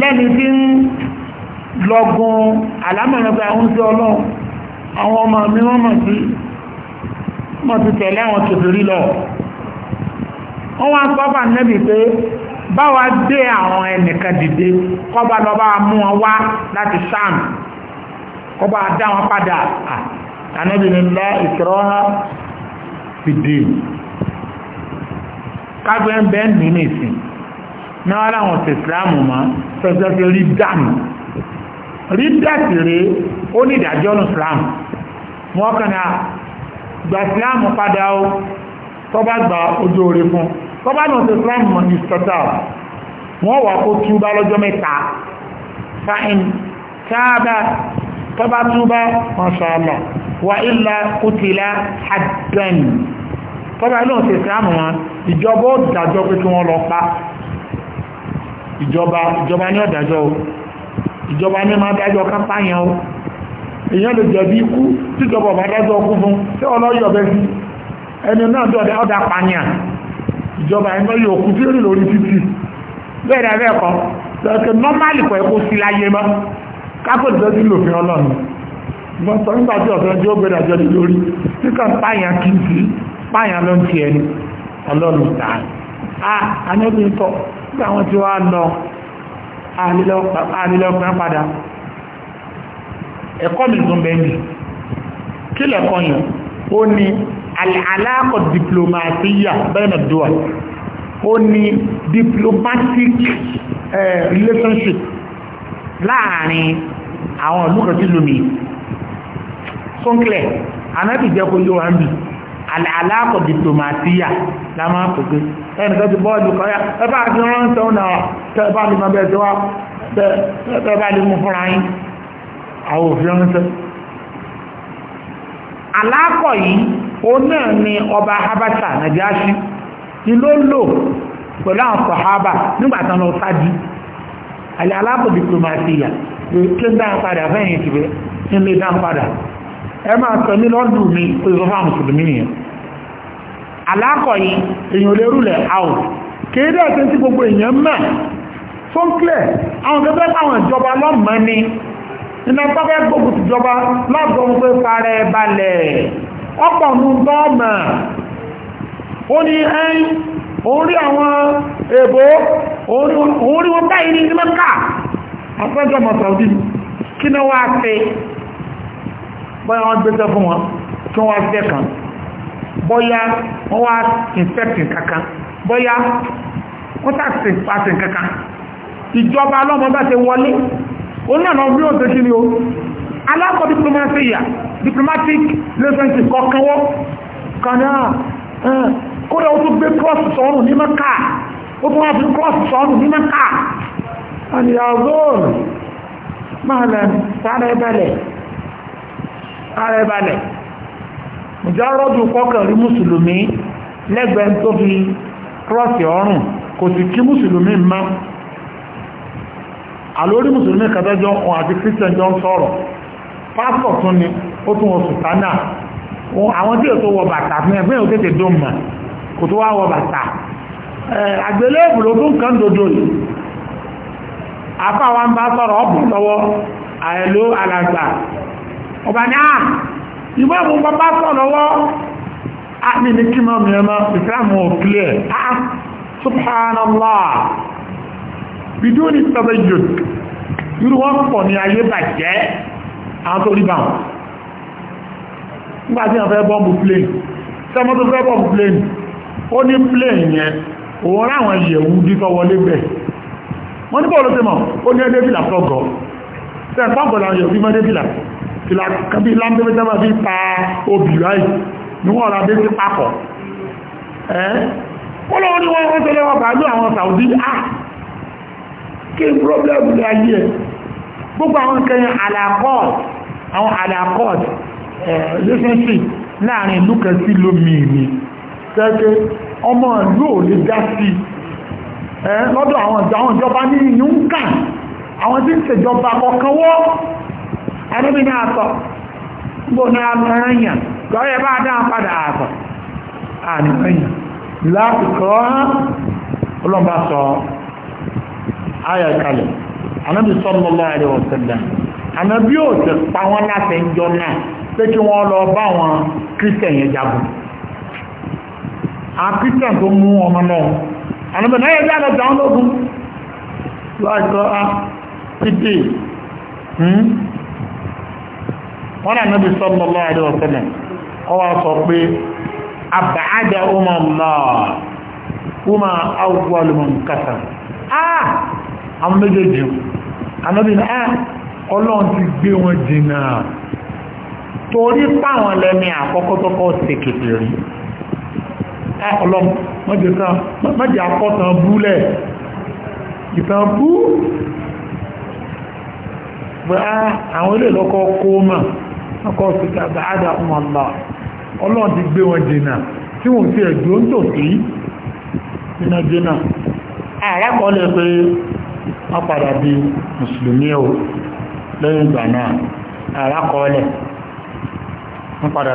[SPEAKER 1] lẹ́ni tí ń lọ́gùn alámọ̀rẹ́gbà ń sí ọlọ́run àwọn ọmọ mi wọ́n mọ̀ sí mọ̀ sí tẹ̀lé àwọn kèfèrí lọ wọ́n wá sọ fà nẹ́bì pé báwa dé àwọn ẹnìkan dìde kọ́ba lọ bá mú wọn láti sáàmù kọba dá wọn padà ànábìnilá ìkìrọ́há fìdí kágbẹ́ ń bẹ́ nù ní ìsìn náà láwọn ti ìsìláàmù mọ́ fẹ́fẹ́ fi rí dànù rí dàtì rèé ó ní ìdájọ́ ní ìsìláàmù wọ́n kàn á gba ìsìláàmù padà ó tọ́ba gba ojú orí fún tọ́ba náà ti ìsìláàmù mọ́ ní ìsọ̀tà wọ́n wà kó túbá lọ́jọ́ mẹ́ta fáìn táàbà tọ́ba túbá mọ̀ṣọ́lọ̀ wà ilà kùtìlá àdán tọ́ba ilé òsè ìsìlámù wọn ìjọba ó dájọ́ pé kí wọ́n lọ pa ìjọba ìjọba ní ọ̀dájọ́ o ìjọba ní máa dájọ́ kápáyàn o èèyàn lè jẹ̀bi ikú tíjọba ọ̀bá dájọ́ kú fún tí ọlọ́yọ̀ bẹ́ sí ẹni náà dọ̀dẹ̀ ọ̀dà pààyàn ìjọba ẹni náà yóò kú sí orí lórí títì bẹ́ẹ̀ ni abẹ́ẹ̀kọ́ lọ́kẹ́ nọ́málì kọ̀ ẹ̀kọ́ sí láyé mọ́ kápẹ́tẹ́ sí lòfin ọlọ́run wọ́n sọ nígbà tí ọ̀sán tí ó gbé dàjọ́ ní lórí nígbà páyà kì í sí páyà ló ń ti ẹni ọlọ́run tà á àyẹ́bí ń tọ́ nígbà wọn tí wàá lọ àlélọ́pẹ́ padà ẹ̀kọ́ mi tún bẹ́ẹ̀ ni kí lẹ́kọ́ yẹn ó ní aláàkọ̀ diplomasiya bẹ́ẹ̀nà dùwà ó ní diplomatic eh, relationship láàrin àwọn olùkọ̀jú lómi fúnkílẹ̀ anábì jẹ́ kó yóò hàn bí aláàkọ̀ diplomatiya lámá pẹ̀pẹ́ ẹnìkan ti bọ́ọ̀lù kọ́yá ẹbá àti ránṣẹ́ ọ̀nà tẹ́ẹ̀bá lè máa bẹ̀ẹ̀ tí wá tẹ́ẹ̀bá lè mú fúnra yín àwọn òfin ránṣẹ́ aláàkọ̀ yìí ó náà ni ọba habata nàìjíríà sí ilé lò pẹ̀lú àwọn àlẹ́ aláàbò diplomasiya kí n dá padà fẹ́yìn ti bẹ́ kí n lè dá padà ẹ máa sọ ní lọ́dún mi pé sọ fáwọn mùsùlùmí nìyẹn alákọ̀ yìí èèyàn lè rúlẹ̀ out kéde àti tí gbogbo èèyàn mọ̀ fún clear àwọn gẹ́gẹ́ báwọn ìjọba lọ́mọ ni iná tọ́fẹ́ gbogbo ìjọba lọ́dọ̀ ń pé farẹ́ balẹ̀ ọ̀pọ̀ nù tọ́ mọ̀ ó òun rí àwọn èbó òun rí wọn báyìí ní ilé ká àpẹjọ mọ̀ Saudi kí ni wọ́n á ṣe bóyá wọ́n gbéṣẹ́ fún wọn kí wọ́n á ṣe kan bóyá wọ́n wá ìfẹ́tì kankan bóyá wọ́n sàṣe pàṣẹ kankan ìjọba ọlọ́mọ bá ṣe wọlé òun náà lọ bí ó ṣe kí ni o alákọ̀ọ́ diplomacy yà diplomatic relationship kọ̀ọ̀kan wọ́ kódà ó tún gbé kírọ́ọ̀sì sọ́rùn ní mẹ́kà ó tún wá fi kírọ́ọ̀sì sọ́rùn ní mẹ́kà àníyàzóòrùn máa lẹ sáré balẹ̀ sáré balẹ̀ ǹjẹ́ rọ́dù kọ́kàn rí mùsùlùmí lẹ́gbẹ̀ẹ́ tó fi kírọ́ọ̀sì ọrùn kò sì kí mùsùlùmí mọ́ àlórí mùsùlùmí kẹtẹ́jọ́ òun àti christian jọ ń sọ̀rọ̀ pásítọ̀ tún ni ó tún wọ sùtánà àwọn tí èso wọ bàtà fún ẹgbẹ́ òkètè dóòmù kò tó wá wọ bàtà àgbélébù ló tún kàn dodo yìí afáwa ń bá sọ̀rọ̀ ọ̀bùn lọ́wọ́ àìlú alàgbà ọba ní à ah, ìwé ìwọ̀n bàbá sọ̀rọ̀ lọ́wọ́ a ní ní kí mọ́ mìíràn ìsìlámù òkìlẹ̀ a ah, subhanallah bidú ní sọ́bẹ̀ jù irú wọn pọ̀ ní ayé bàjẹ́ àwọn tó rí bá wọn nígbà tí wọn fẹ́ bọ́ọ̀bù plane sọmọ tó fẹ́ bọ́ọ̀bù plane ó ní plane yẹn òun ráwọn ìyẹ̀wù dítọ́ wọlé bẹ̀ wọ́n ní bọ́ọ̀lù tẹ́mọ̀ ó ní ẹdẹ́ fìlà tọ́gọ̀ tẹ́ pàgọ́ làwọn ìyẹ̀wù fífẹ́ dẹ́fìlà fìlà kàbí lámbẹ́fẹ́ tẹ́mọ̀ fi pa obì ráì ní wọ́n ra dé sí papọ̀ ẹ́ wọ́n lọ́wọ́ ní wọ́n tẹ́lẹ̀ wọn bàálù àwọn Saudi a kí problem lè ayé ẹ̀ gbogbo àwọn kẹyìn alakọ́ọ̀t àwọn alakọ́ọ̀t relationship láàrin ìlú kan sí lómi ìní tẹ́ẹ̀kẹ́ ọmọ ìlú ò lè dá sí ẹ́ lọ́dọ̀ àwọn ìjọba ní ìyún kà àwọn tí ń ṣèjọba kọ̀ọ̀kan wọ́ ẹnúbí náà sọ gbò náà ẹ̀yàn lọ́yẹ̀ bá dáa padà àtọ̀ àníwẹ̀yàn lásìkò ọlọ́mbà sọ ayà kalẹ̀ anábì sallallahu alaihi wasallam anábì ò ti pa wọ́n láti ń jọ náà pé kí wọ́n lọ bá wọn kírísítẹ̀ yẹn jagun àkíkà tó mú ọmọ náà àlọ́bẹ̀ náà yẹ lọ dáwọn lógún láìkọ́ á pídé ah, hmm? wọ́n náà níbi sọ́lọ́lọ́ àríwọ̀sẹ́lẹ̀ ọwọ́ sọ pé àbáájá ọmọ náà kúmà áwùgbọ́ alùmọ̀ kàtà áà àwọn méjèèjì àlọ́bì náà ah, ọlọ́run ti gbé wọn jìnnà torí páwọn lẹ́ni àkọ́kọ́ tọ́kọ́ ṣèkèkè rí Ah, ọlọ́m mọ́jẹ̀ akọ́tàn búlẹ̀ ìtàn bú pé ah, àwọn ilé lọ́kọ́ kó mà ọkọ̀ síta bàádà ọmọlá ọlọ́run ti gbé wọn jìnà tí wọ́n ti ẹ̀dùn tó sí jìnà jìnà àrákọọ́lẹ̀ ah, pé wọ́n padà o lẹ́yìn ìgbà náà wọ́n padà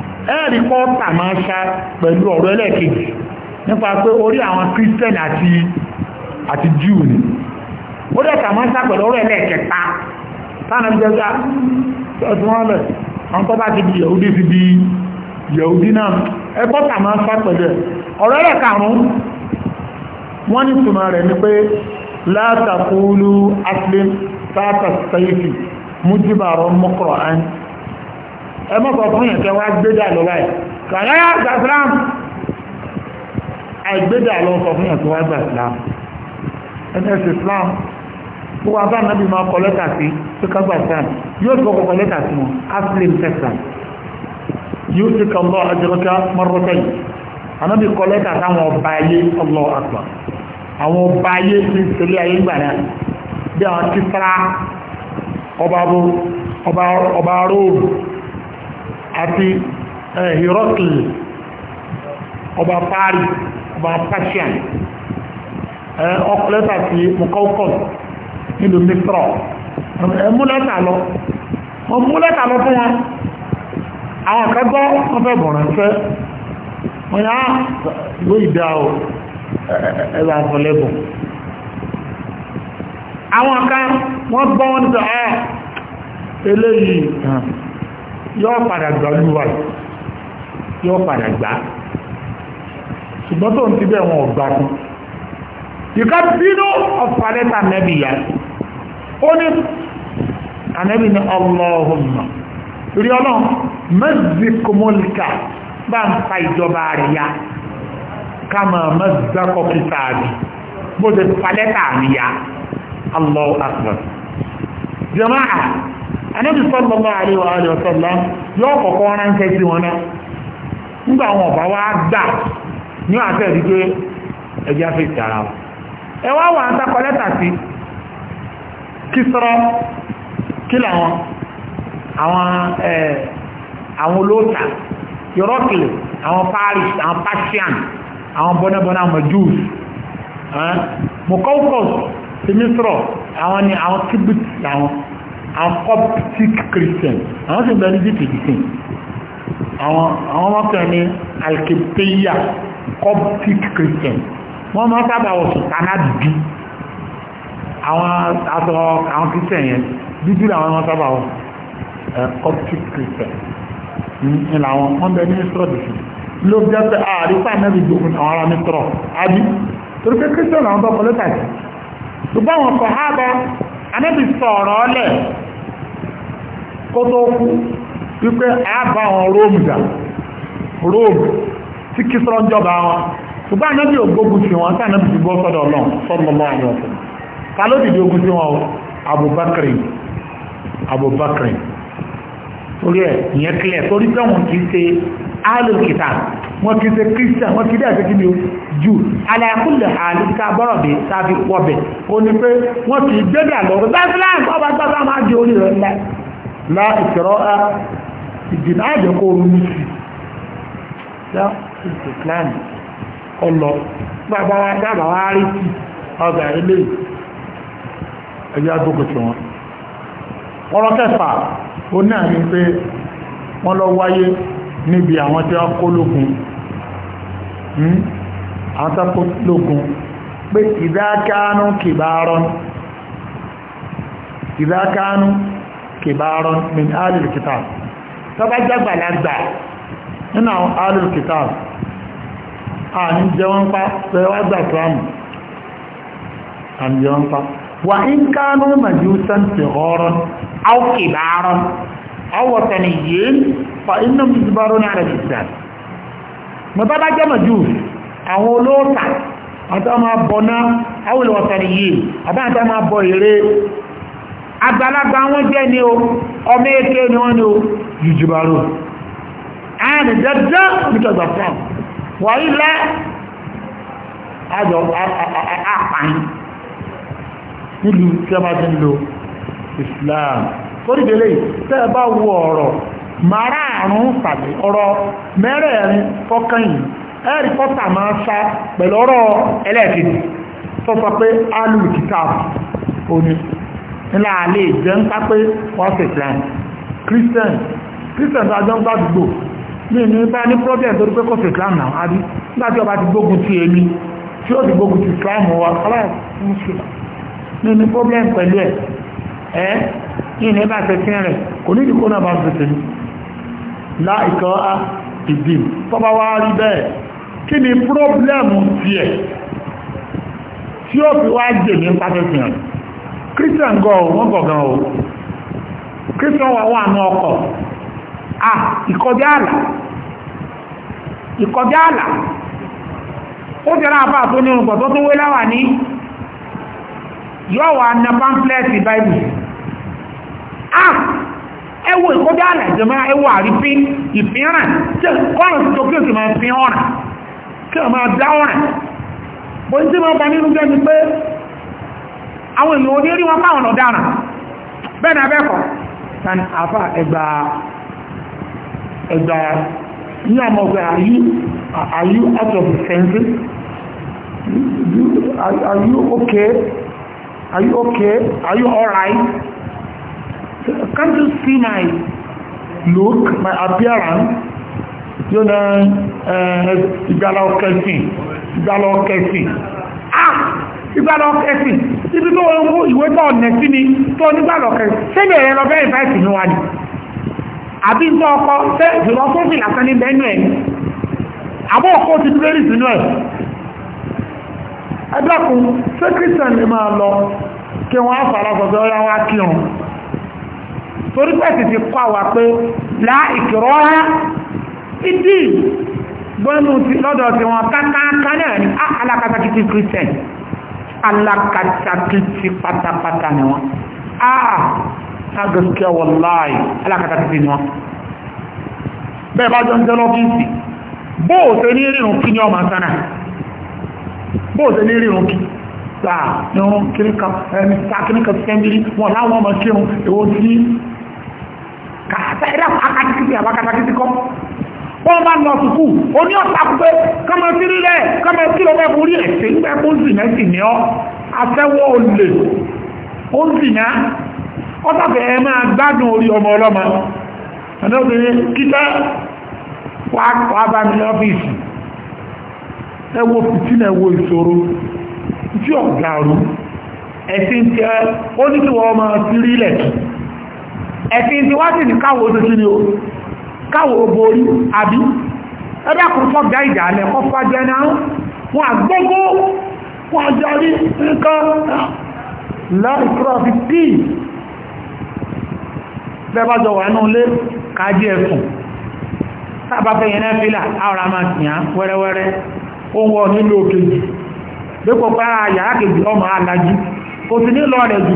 [SPEAKER 1] ẹ̀rí pọ́ tàmáṣá pẹ̀lú ọ̀rọ̀ ẹlẹ́ẹ̀kejì nípa pé orí àwọn Christian àti àti Jew ni ó dẹ̀ tàmáṣá pẹ̀lú ọ̀rọ̀ ẹlẹ́ẹ̀kẹta táwọn ẹgbẹ́ gbá ọdún wọn lẹ̀ àwọn tó bá ti di Yahudi ti di Yahudi náà ẹ̀kọ́ tàmáṣá pẹ̀lú ọ̀rọ̀ ẹlẹ́ẹ̀karùn-ún wọ́n ní túnmọ̀ rẹ̀ ni pé látàkúlù aslim tátà sẹ́yìkì mújíbàrọ̀ mọ́kọ̀ọ́ ẹ mọ́kọ̀ fún yẹn kẹwàá gbéjà lọ báyìí kàrá gba islam àìgbéjà lọ sọ fún yẹn kẹwàá gba islam ns islam tó wá bá nàbí máa kọ lẹ́tà sí tó ká gba islam yóò tó kọ́kọ́ lẹ́tà sí wọn aslim texan yóò ti kà lọ àjọlọ́kà mọ́rọ́kà yìí ànábì kọ lẹ́tà táwọn ọba ayé ọlọ́ àgbà àwọn ọba ayé ti ń sẹlẹ̀ ayé gbà náà bí àwọn kíkra ọba bó àti Hirokli ọba Paris ọba Persian ọkùnlẹ́ta ti Mukaukos nílùú Misra ẹmúlẹ́ta lọ ọmúlẹ́ta lọ fún wọn àwọn akẹ́gbọ́ wọ́n fẹ́ bọ̀rọ̀ ṣẹ́ wọ́n yá ló ìdá o ẹ̀rọ àfọlẹ́bùn àwọn akẹ́ wọ́n gbọ́ wọn nígbà ah, eléyìí yóò padà gbà olúwa yóò padà gbà ṣùgbọ́n tó ń ti bẹ́ẹ̀ wọn ò gbà fún ìka bínú ọ̀fà lẹ́tà nẹ́bì yá ó ní ànẹ́bì ní Allahumma rí ọlọ́run mẹ́sìkòmọ́lìkà bá ń fa ìjọba rẹ̀ yá kama mẹ́sìkò kìtà mi bó ṣe fa lẹ́tà mi yá Allahu akbar jama'a anábì sallallahu alaihi wa sallam yóò kọ̀kọ́ ránṣẹ́ sí wọn náà nígbà àwọn ọ̀bá wa gbà ní àtẹ̀rí pé ẹjẹ́ fi tara wa ẹ wá wà ń takọ lẹ́tà sí Kisra kí làwọn àwọn àwọn olóòtà yọrọ́kìlì àwọn Paris àwọn Persian àwọn bọ́nẹ́bọ́nẹ́ àwọn Jews mọ̀kọ́kọ́ sí mísírọ̀ àwọn ni àwọn Tibet làwọn and optic christian àwọn sì bẹ̀rẹ̀ sí kìkìkì àwọn ọmọkùnrin ní alkepeya coptic christian wọ́n máa sábà wọ̀ sùtánà bí àwọn aṣọ àwọn christian yẹn dúdú làwọn máa sábà wọ̀ coptic christian hmm, ní làwọn wọ́n bẹ ní sọ́ọ̀ dìsí ló jẹ́ pé àrífà náà lè gbógun àwọn ará ní sọ́ọ̀ àbí torí pé christian làwọn tó kọ ṣùgbọ́n àwọn kọ̀ anẹ́bì sọ̀rọ̀ ọlẹ̀ kó tó kú wípé àbá wọn róòmù dà róòmù tí kí sọ́rọ̀ jọba wọn ṣùgbọ́n anẹ́bì ògbógun sí wọn tí anẹ́bì ti bọ́ sọ́dọ̀ ọlọ́run sọ́dọ̀ mọ́ àwọn ọ̀sẹ̀ ká ló dìde ogun sí wọn Abubakar Abubakar torí ẹ̀ ìyẹn kílẹ̀ torí pé wọn kì í ṣe alòkìtà wọn kì í ṣe christian wọn kì í dẹ̀ ṣe kí ni o jù alayakúlẹ̀ àlùkà bọ́rọ̀ bíi tàbí wọ̀bẹ̀ ó ní pé wọn kì í gbẹ́dẹ̀ àlọ́rọ̀ bẹ́sílẹ̀m ọba gbọ́dọ̀ máa di orí rẹ̀ lẹ́ la ìṣòro ẹ ìdìbò àjẹkọ̀ oru ní sí ṣá ìṣèkìlán ọlọ bàbá wa dábàá wa rí sí ọgbà ilé ẹ̀yà gbogbo tí wọn ọ̀rọ̀ kẹfà ó náà ní pé wọ́n lọ wáyé níbi àwọn tí wọ́n kó lógun hmm? àwọn tó kó lógun pé ìdákánú kìbárọ́n ìdákánú kìbárọ́n min alìl kìtàb tọ́bá jágbàlagbà nínú àwọn alìl kìtàb a ní jẹun pa pẹ̀lú àgbà tram a ní jẹun pa wà ń kánú màjú sáǹtì ọ̀rọ̀ أو كبارا أو وثنيين فإنهم يجبرون على الإسلام مطبع جمجوز أو لوتا àtàwọn abọ̀ná àwòlò ọ̀tàrí yìí àbá àtàwọn abọ̀ èrè àgbàlagbà wọn jẹ́ ni o ọmọ ni wọ́n ni o jùjùbàrò ààrẹ jẹ́jẹ́ nítọ̀gbà a bá ti ń islam torí délé tẹ́ ẹ bá wo ọ̀rọ̀ márààrún tàbí ọ̀rọ̀ mẹ́rẹ̀ẹ̀rin fọ́kàn yìí ẹ̀rí pọ́tà máa sá pẹ̀lú ọ̀rọ̀ ẹlẹ́ẹ̀kejì tó sọ pé alùpùpù kìtàbù òní ńlá alẹ́ ìjẹ́ ń pápé wọ́n sì christian christian tó ajọ́ ń gbàdúgbò mi ní bá ní problem torí pé kò sí islam náà adí nígbà tí ọba ti gbógun ti èmi tí ó ti gbógun ti islam wa ọlọ́run mùsùlùmí ní problem pẹ̀lú ẹ̀ ẹ́ yìí ní bá tẹ̀sí rẹ̀ kò ní ìdíkó náà bá tẹ̀sí láìkọ́ á ìdí tọ́bá wá rí bẹ́ẹ̀ kí ni pírọ́blẹ́mù tiẹ̀ tí ó fi wá jè ní pàtẹ́sí rẹ̀ christian gọ́ o christian wà wà ní ọkọ̀ à ìkọjá àlà ìkọjá àlà ó jẹ́ láàbà tó ní orúkọ tó tún wé láwà ní yọ́wà na pamphlet bible A, ah, ìkọjá àlàjẹmọ́ ẹwọ àrífín ìfihàn tí ọ̀rọ̀ tó kí máa fi hàn kí o máa dá ọ̀rẹ̀ bó tí máa bá nínú jẹ́ ni pé àwọn èèyàn orí rí wọn fáwọn ọ̀daràn out of are you okay are you okay are you all can't you see my look my appearance you know ìgbàlá ọkẹsìn ìgbàlá ọkẹsìn ah ìgbàlá ọkẹsìn ibi tó wọ́n mú ìwé tó ọ̀nà sí ni tó nígbàlá ọkẹsìn sẹ́lẹ̀ rẹ̀ lọ bẹ́ẹ̀ fẹ́ẹ̀sì ní wa ni àbí ń tọ́ ọkọ fẹ́ philosophy lásán ní bẹ́ẹ̀nù ẹ̀ àbọ̀ ọkọ ti dúró sínú ẹ̀ ẹgbẹ́ kun ṣé christian lè máa lọ kí wọ́n á fara sọ̀tọ̀ ọ̀yá wa kírun torí pẹ̀sì ti kọ́ àwà pé láìkìrọ́ ha ìdí gbọ́nù lọ́dọ̀ tí wọ́n kákáká náà ni ah, alákatakítí christian alákatakítí pátápátá ni wọ́n ah ta gaskiya wallahi alákatakítí ni wọ́n bẹ́ẹ̀ bá jọ ń jẹ́ lọ́fíìsì bóòsẹ̀ ní rírùn kí ni ọmọ sánà bóòsẹ̀ ní rírùn kí sáà ní wọn kíríkà ẹni sáà kíríkà sẹ́ńbírí wọn láwọn ọmọ kírun èwo sí kàtà ẹ̀dá akadìsíkì kọ́ wọ́n bá lọ sùkú oní ọ̀sà pé kọ́mọ sí rírẹ̀ kọ́mọ sí ń bẹ́ fún ọ́ afẹ́wọ́ olè ó ọ́sàfẹ́ ẹ máa gbádùn orí ọmọ ọlọ́mọ kíkẹ́ bá mi lọ́fíìsì fìtínà ìṣòro tí ọ̀gá rú ẹ̀sìn ó ní kí wọ́n máa ẹ̀fin tí wá sì ní káwò ni o káwò borí àbí ẹgbẹ́ àkùrùfọ́ gbá ìjà alẹ́ kọ́ fàjẹ́ náà wọn àgbógó wọn àjọrí nǹkan lọ́rì kúrọ̀fì tí bẹ́bájọ wà nínú ilé kájí ẹ̀sùn sábà fẹ́ yẹn fílà máa wẹ́rẹ́wẹ́rẹ́ ó wọ nílò kejì yàrá kejì ọmọ alájú kò sí nílò rẹ̀ jù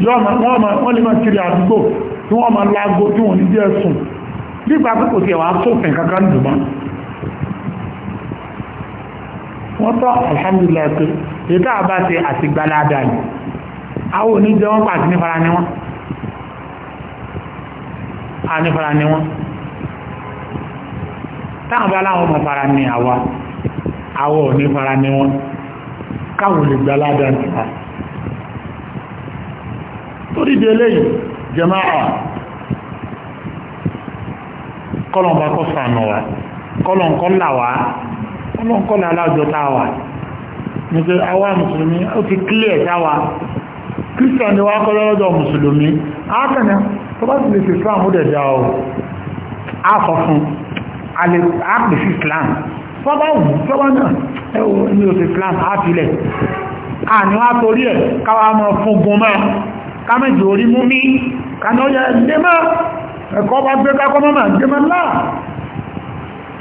[SPEAKER 1] wọ́n lè máa kiri àdúgbò tí wọ́n máa lágbo tí wọ́n ní díẹ̀ sùn nígbà pípò tí ẹ̀wà sófin kankan dùn mọ́ wọ́n tọ́ alhamdulillah pé ètò àbá ti àtìgbàládà ni àwọn oníjẹ wọn pàtí nífara ni wọn a nífara ni wọn táwọn bá láwọn ọmọ fara ni àwa àwọn onífara ni wọn káwọn olùgbàládà ti wà torí di eléyìí jẹmáà kọlọ̀nba kọ́ sànà wa kọlọ̀nkọ́ là wá kọlọ̀nkọ́ là alájọ tá a wà ní pé àwa mùsùlùmí ó ti kílẹ̀ tá wa kírísítọ̀n ni wá kọ́ lọ́dọ̀ mùsùlùmí àákànnà tó bá sì lè fi islam dẹ̀ dá o á fún a pè sí islam fọ́bá wù fọ́bá náà ẹ̀wọ̀ ní òsì islam á tilẹ̀ àní wá torí ẹ̀ káwá mọ́ fún gun mọ́ kámẹ́jì orí mú mí kaná yẹ ẹgbẹ́mọ́ ẹ̀kọ́ bá gbé kákọ́ mọ́mà gbẹ́mọ́ láà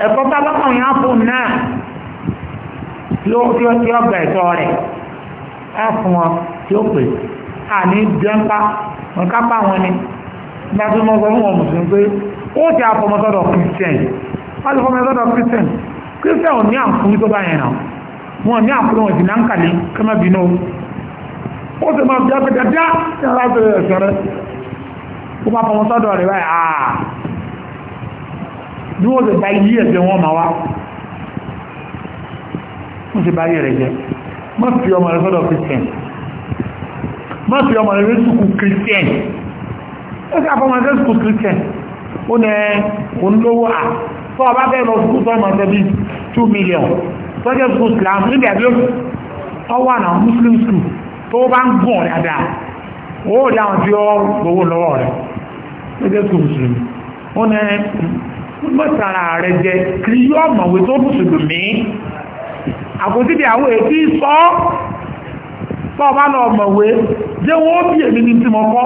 [SPEAKER 1] ẹ̀kọ́ bá lọ́kùnrin ápùn náà tí ó tí ó tí ó gbà ẹ̀tọ́ rẹ̀ ẹ fún wọn tí ó pè á ní jẹ́ńpá wọn kápá wọn ni bá tí mo sọ fún wọn mùsùlùmí pé ó ti àfọmọsọ́dọ̀ christian wọ́n ti fọmọsọ́dọ̀ christian christian ò ní àǹfààní tó bá yẹn ó sì máa fi ọ́fẹ́ kẹjá ní aláṣẹ́rẹ̀ ẹ̀ṣẹ̀rẹ́ ó máa fọmọ sọ́dọ̀ rẹ̀ báyìí àà bí wọ́n sì bá yí ẹ̀jẹ̀ wọn máa wá wọ́n sì bá yí rẹ̀ jẹ́ má fi ọmọ rẹ̀ sọ́dọ̀ christian má fi ọmọ rẹ̀ sùkú christian ó sì àfọmọ rẹ̀ sùkú christian ó nẹ olówó à fọ́ ọba bẹ́ẹ̀ lọ sùkú sọ́mọ ẹ̀sẹ̀ bíi two million tọ́jú sùkú islam níbi àbí ọwọ́ àná muslim school tó bá ń gùn ọ̀rẹ́ àdá ó rí àwọn tí ó gbowó lọ́wọ́ rẹ̀ gẹ́gẹ́ tó mùsùlùmí ó ní mọ́sára rẹ̀ jẹ kiri yóò mọ̀wé tó mùsùlùmí àkótí bí àwọn èyí sọ tó bá lọ mọ̀wé jẹ́ wọ́n bí èmi ní tí mo kọ́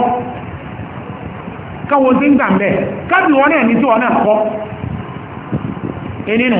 [SPEAKER 1] káwọn tí ń gbà ń bẹ̀ káàbì wọn náà ní tí wọn náà kọ́ ẹnìnú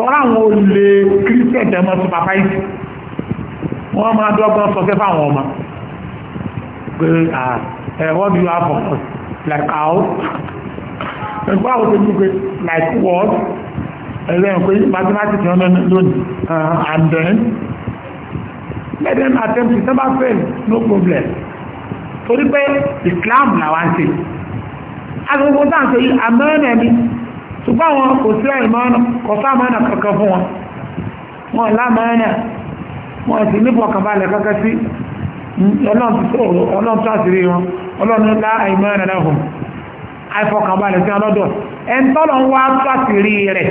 [SPEAKER 1] tọ́rọ àwọn olè kírísítẹ̀tì ẹmọ supervise wọ́n máa dọ́gbọ́n sọ fẹ́ fáwọn ọmọ pé ẹ̀wọ́ bí wà fọ́ like how ẹgbẹ́ àwọn ojú pé like what ẹgbẹ́ ìpé mathematics wọn lónìí uh, and then let them attempt to never fail no problem torí pé Islam làwọn ṣe agbègbè táwọn ṣe yìí amẹ́rin ẹni ṣùgbọ́n wọn kò sí àìmọ́nà kọ̀sáàmọ́nà kankan fún wọn wọn lámọ́nà wọn sì nípọ̀ kàbálẹ̀ kankan sí ọlọ́run tó àṣírí wọn ọlọ́run lá àìmọ́nà lẹ́hùn àìfọkànbalẹ̀ sí ọlọ́dọ̀ ẹn tọ́lọ ń wá tó àṣírí rẹ̀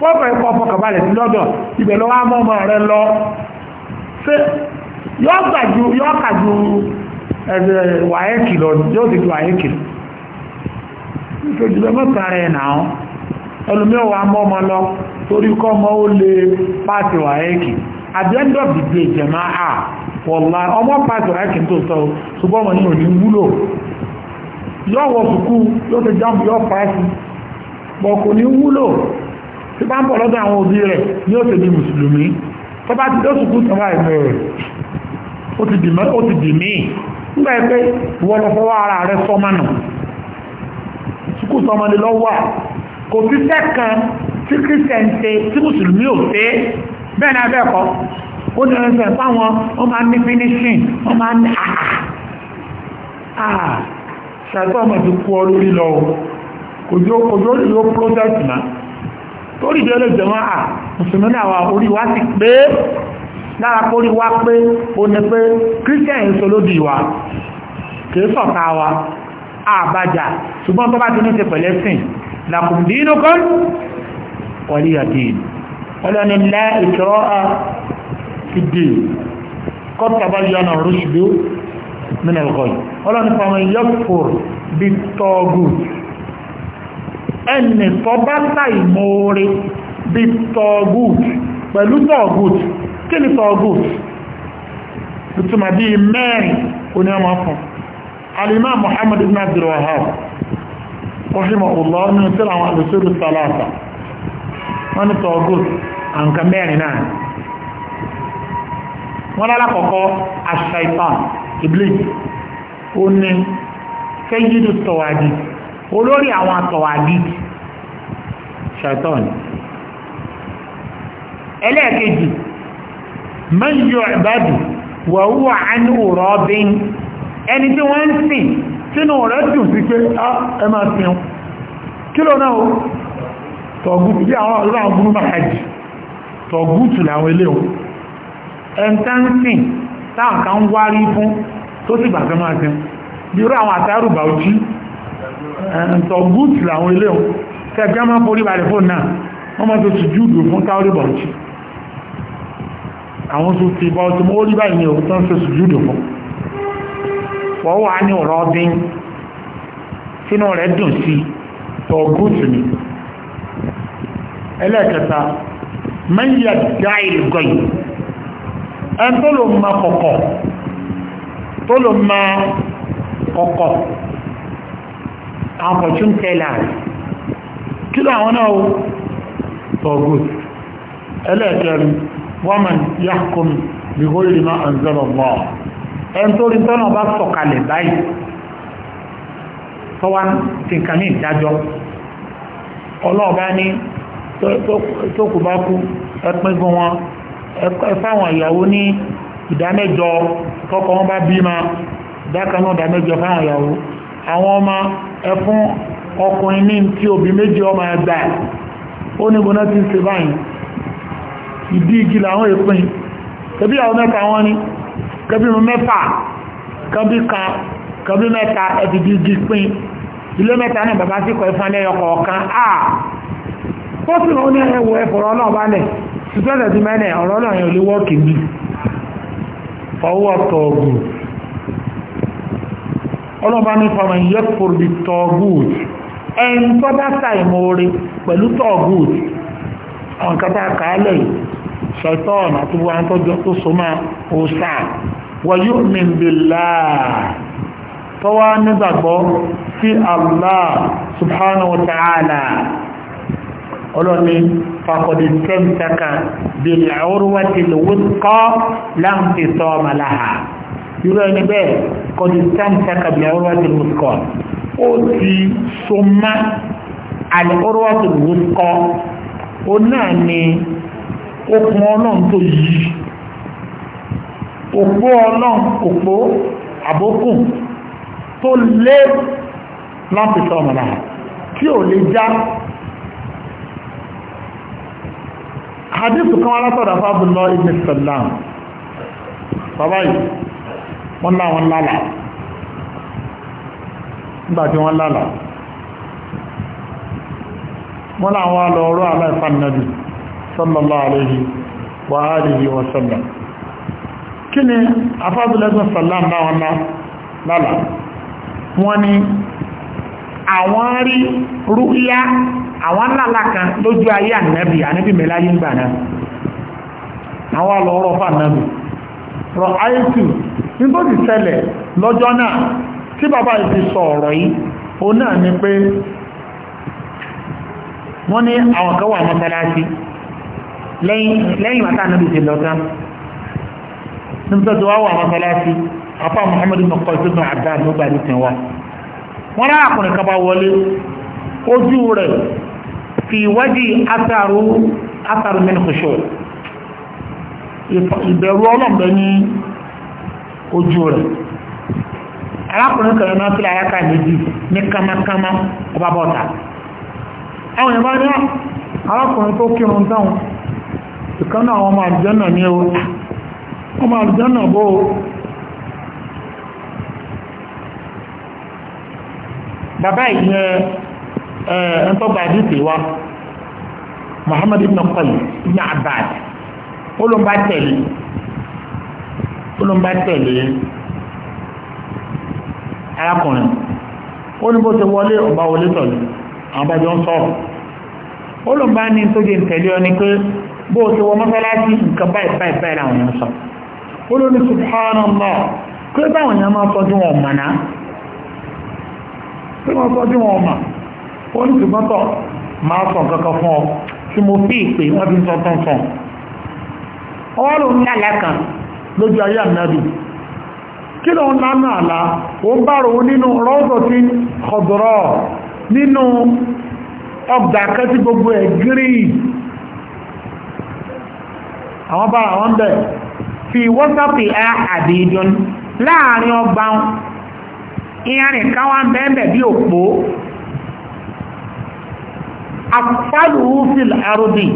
[SPEAKER 1] pọ́pọ̀ ẹ̀kọ́ fọkànbalẹ̀ sí lọ́dọ̀ ibẹ̀ lọ́wọ́ á mọ́mọ́ rẹ lọ ṣe yọ́ kàjú ẹ̀rẹ̀ wàyẹ́kì ju wàyẹ́kì lọ nítorí ìjọba mọ́ta rẹ̀ ẹlòmíọ̀wà mọ́mọ lọ torí kọ́ mọ́ ó lè pàtì wàhẹ́kì at the end of the day jẹ̀má à wọ̀lá ọmọ pàtì wàhẹ́kì tó sọ ṣùgbọ́n wọn yóò wúlò yóò sùkú yóò ti jáàmù yóò pàṣì bọ̀ kò ní wúlò tí bá ń bọ̀ lọ́dọ̀ àwọn òbí rẹ̀ ó ti di mùsùlùmí tó bá ti dé sùkú rẹ̀ ó kò sí sẹ́kàn tí christian ṣe tí mùsùlùmí ò ṣe bẹ́ẹ̀ náà bẹ́ẹ̀ kọ́ ó ní ẹsẹ̀ fáwọn ó máa ní finishing ó máa ní àà ah, ah, ṣàtọ́ ọmọ ti kú ọ lórí lọ kòjó kòjó yóò protest ma torí ìdílé jẹmọ́ à ah, mùsùlùmí náà wà orí wa ti pé lára kó rí wa pé ó ní pé christian ń solódì wa kìí ṣọ̀tá wa àbájá ṣùgbọ́n tó bá ti ní ti pẹ̀lẹ́sìn lakum dinukum waliya din ọlọ́ni lá ikraha fi din qad tabayyana rushdu min al-ghayy ọlọ́ni faman yakfur bit-taghut ẹni tó bá sáì mọ́ọ́rẹ́ bí tọ́gùt pẹ̀lú tọ́gùt kí ni tọ́gùt ìtumà bí mẹ́rin oní ọmọ fún alimá Muhammad ibn Abdul Wahhab رحمه الله من سلع عن الأصول الثلاثة wọ́n tọ́gùt àǹkan mẹ́rin náà wọ́n lálákọ̀ọ́kọ́ aṣaitan iblis ó ní sẹ́yìdù tọ̀wàdì olórí àwọn tọ̀wàdì ṣaitan ẹlẹ́ẹ̀kejì mẹ́yọ̀ ìbádù wà wúwà ánú rọ́bìn ẹni tí wọ́n ń sìn kínú rẹ̀ dùn sí pé á ah, ẹ máa sìn kí ló náà tọ̀gùn bí àwọn ọlọ́run gúrú máa hajj tọ̀gùn tù láwọn ilé ohun ẹ̀ntẹ́ntìn táǹkà ń wárí fún tó sì gbàtẹ́ máa sìn bí irú àwọn àtàrùbà ojú tọ̀gùn tù láwọn ilé ohun tẹ́gbẹ́ máa forí balẹ̀ fún náà wọ́n máa tó ti júùdù fún táwọ́rìbà ojú àwọn tó ti bá ọtún mọ́ orí báyìí ni òkú tó ń ṣe sùjúùdù fún fọ́wọ́ á ní ọ̀rọ̀ ọdún sínú rẹ̀ dùn sí tọ̀gútù ni ẹlẹ́ẹ̀kẹta mẹ́yà dáìlì gọ́yì ẹn tó lò ma kọ̀kọ̀ tó lò ma kọ̀kọ̀ àpọ̀tún tẹ́lẹ̀ kí lọ àwọn náà tọ̀gútù ẹlẹ́ẹ̀kẹrin wọ́n mọ̀ yá kọ́mi bí gọ́yì ma anzala Allah ẹni tó rí tọ́nà bá sọ̀kalẹ̀ báyìí tọ́wá ti nǹkan ní ìdájọ́ ọlọ́ọ̀bá ní tó kù bá kú ẹpín gun wọn ẹfáwọn ìyàwó ní ìdámẹ́jọ tọ́kọ wọn bá bí ma dákanú ìdámẹ́jọ fáwọn ìyàwó àwọn ọmọ ẹfún ọkùnrin ní tí òbí méjì ọmọ ẹgbà ó ní gbóná ti ń ṣe báyìí ìdí igi làwọn èpin tẹbí àwọn mẹ́ta wọn ni kẹbínú mẹ́fà kẹbí kan kẹbí mẹ́ta ẹ̀dìdì igi pín ilé mẹ́ta náà bàbá sí kọ́ ẹ̀fọn lẹ́yọ kọ̀ọ̀kan á ó sì rán ní ẹwọ ẹ̀fọ̀rọ̀ náà balẹ̀ ṣùgbọ́n ẹ̀dì mẹ́rin ọ̀rọ̀ náà yẹn ò lè wọ́ọ̀kì mi ọwọ́ tọ̀ọ̀gù ọlọ́ba ní fọmọ yẹ́pùrù bí tó bá pẹ̀lú àwọn kátà kàálẹ̀ tó so máa ó sáà wa yu'min billah tọ́wá nígbàgbọ́ sí Allah subhanahu wa ta'ala ọlọ́ni fàkọ̀dì tẹ́mtaka bil urwatil wuthqa láǹtì sọ́ọ̀mà láha irú ẹni bẹ́ẹ̀ kọ̀dì tẹ́mtaka bil urwatil wuthqa ó ti so má al urwatil wuthqa ó náà ni okùn ọlọ́run tó òpó ọlọ́run òpó àbókùn tó lé láti sọ ọmọ o lè já hadith kan alátọ̀dà fábùlọ ibn sallam bàbá yìí wọ́n láwọn lálà nígbàtí wọ́n lálà wọ́n láwọn lọ ọ̀rọ̀ aláìfànàbì sallallahu alayhi wa alihi wa sallam kí ni afábúlẹ́sùn sàlám bá wọn lọ́la wọ́n ni àwọn rí rúyá àwọn lálá kan lójú ayé ànábì ànábì mẹ́láyé ń gbà náà àwọn alọ́rọ̀ fún ànábì rọ àìsù nítorí ṣẹlẹ̀ lọ́jọ́ náà tí bàbá yìí ti sọ ọ̀rọ̀ yìí ó wọ́n ní àwọn kan wà lẹ́yìn màtá ànábì ti lọ nígbà tó wá wà mọ́sálásí apá muhammadu nìkan tó nà àdá ló gbà nìkan wá wọn rá àkùnrin kaba wọlé ojú rẹ̀ fi wájì atharu atharu min khushu ìbẹ̀rù ọlọ́mọdé ní ojú rẹ̀ arákùnrin kan náà sílẹ̀ ayáka méjì ní kámákámá ọba bọ́ta àwọn ìbá ah, arákùnrin tó kírun táwọn ìkan àwọn ọmọ àjẹ́ náà ní ewu ọmọ àlùjọ́nà bó bàbá ìyẹn ẹ̀ẹ́ntọ́gbà àdìsí wa Muhammad ibn Qayyim ibn Abbad olùmbà tẹ̀lé olùmbà tẹ̀lé arákùnrin ó ní bó ti wọlé ọba wọlé tọ̀lé àwọn bá jọ ń sọ̀rọ̀ olùmbà ní tó jẹ́ ìtẹ̀lé ọ ni pé bó ti wọ mọ́sálásí nǹkan báyìí báyìí báyìí làwọn èèyàn sọ̀rọ̀ olóní subhanallah pé báwọn èèyàn máa sọ bí wọn mọ̀ náà pé wọ́n sọ bí wọn mọ̀ ó ní ṣùgbọ́n tọ̀ máa sọ kankan fún ọ tí mo fi ìpè wọ́n fi ń sọ tán sàn ọwọ́ ló ń lójú ayé ànábì kí ló ń àlá ó ń bára òun nínú rọ́ọ̀dọ̀ tí ọ̀dọ̀rọ̀ nínú ọgbà kan gbogbo ẹ̀ gírì àwọn bára àwọn bẹ̀rẹ̀ fi wọ́sọ̀pì ẹ àdìdún láàrin ọgbà irin kan wá bẹ́ẹ̀bẹ̀ bí òpó afọ́lùú fil ardi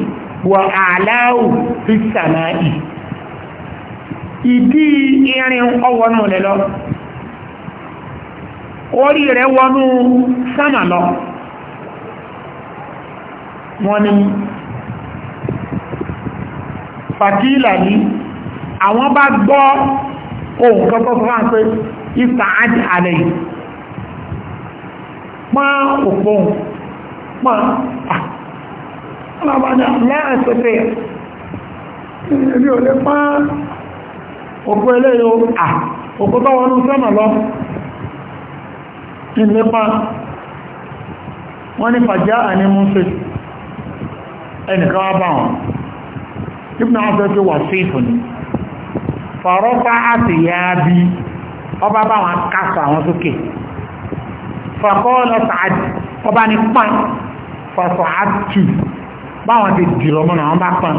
[SPEAKER 1] wọ àláwù fi sàmáì ìdí irin ọwọ́nù rẹ̀ lọ orí rẹ̀ wọnú sánmà lọ wọ́n ni fàkílà ní àwọn bá gbọ́ ohun kọ́kọ́ fún wa pé ìfà àti àlẹ́ yìí pọ́n òpó pọ́n àbájá lẹ́ẹ̀sẹ̀fẹ́ ẹ̀rí ò lè pọ́n òpó eléyò à ah. òpó bá wọnú sọ́nà lọ ilé pọ́n wọ́n ní fàjá àní mú sí ẹnìkan wá bá wọn ibùdó àwọn fẹ́ fi wà sí ìfòní a asị ya bi ọba bá wọn kásọ̀ àwọn sókè fọ̀kọ́ọ̀lọ́ sàájì ọba ní pọ́n fọ̀sọ̀ àtù báwọn ti dìrọ̀ mọ́ náà wọ́n bá pọ́n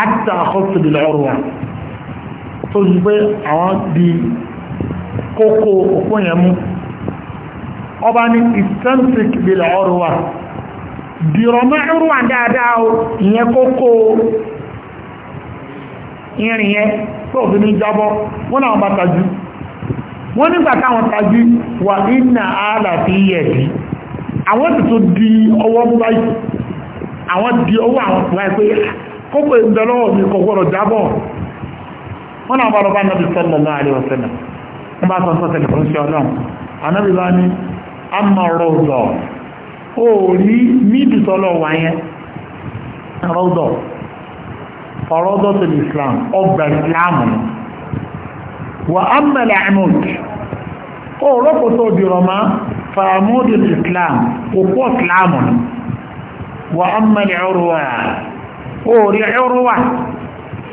[SPEAKER 1] àti àkọ́tù bí lọ́rọ̀ wa tó yí pé àwọn di kókó òpó yẹn mú ọba ní eccentric bí lọ́rọ̀ wa dìrọ̀ mọ́ adị dáadáa ìyẹn kókó irin yẹn tó fi ní jábọ́ wọ́n náà bá tajú wọ́n nígbà táwọn tajú wà nínà ààlà fi di ọwọ́ báyìí àwọn di ọwọ́ àwọn tó wáyé pé kókò ìgbẹ́ lọ́wọ́ mi kò gbọ́dọ̀ jábọ́ wọ́n náà bá lọ bá nàbì sallallahu alaihi wasallam wọ́n bá sọ sọ́sẹ̀lẹ̀ fún ṣe ọlọ́run bá ní fọ̀rọ́dọ̀ tó lè islam ọgbà ìsìláàmù wà á mẹ́lẹ̀ àmúdì ó rọ́pòtò òdìrọ̀má fàmúdì islam òkú ìsìláàmù wà á mẹ́lẹ̀ ọrùwà ó rí ọrùwà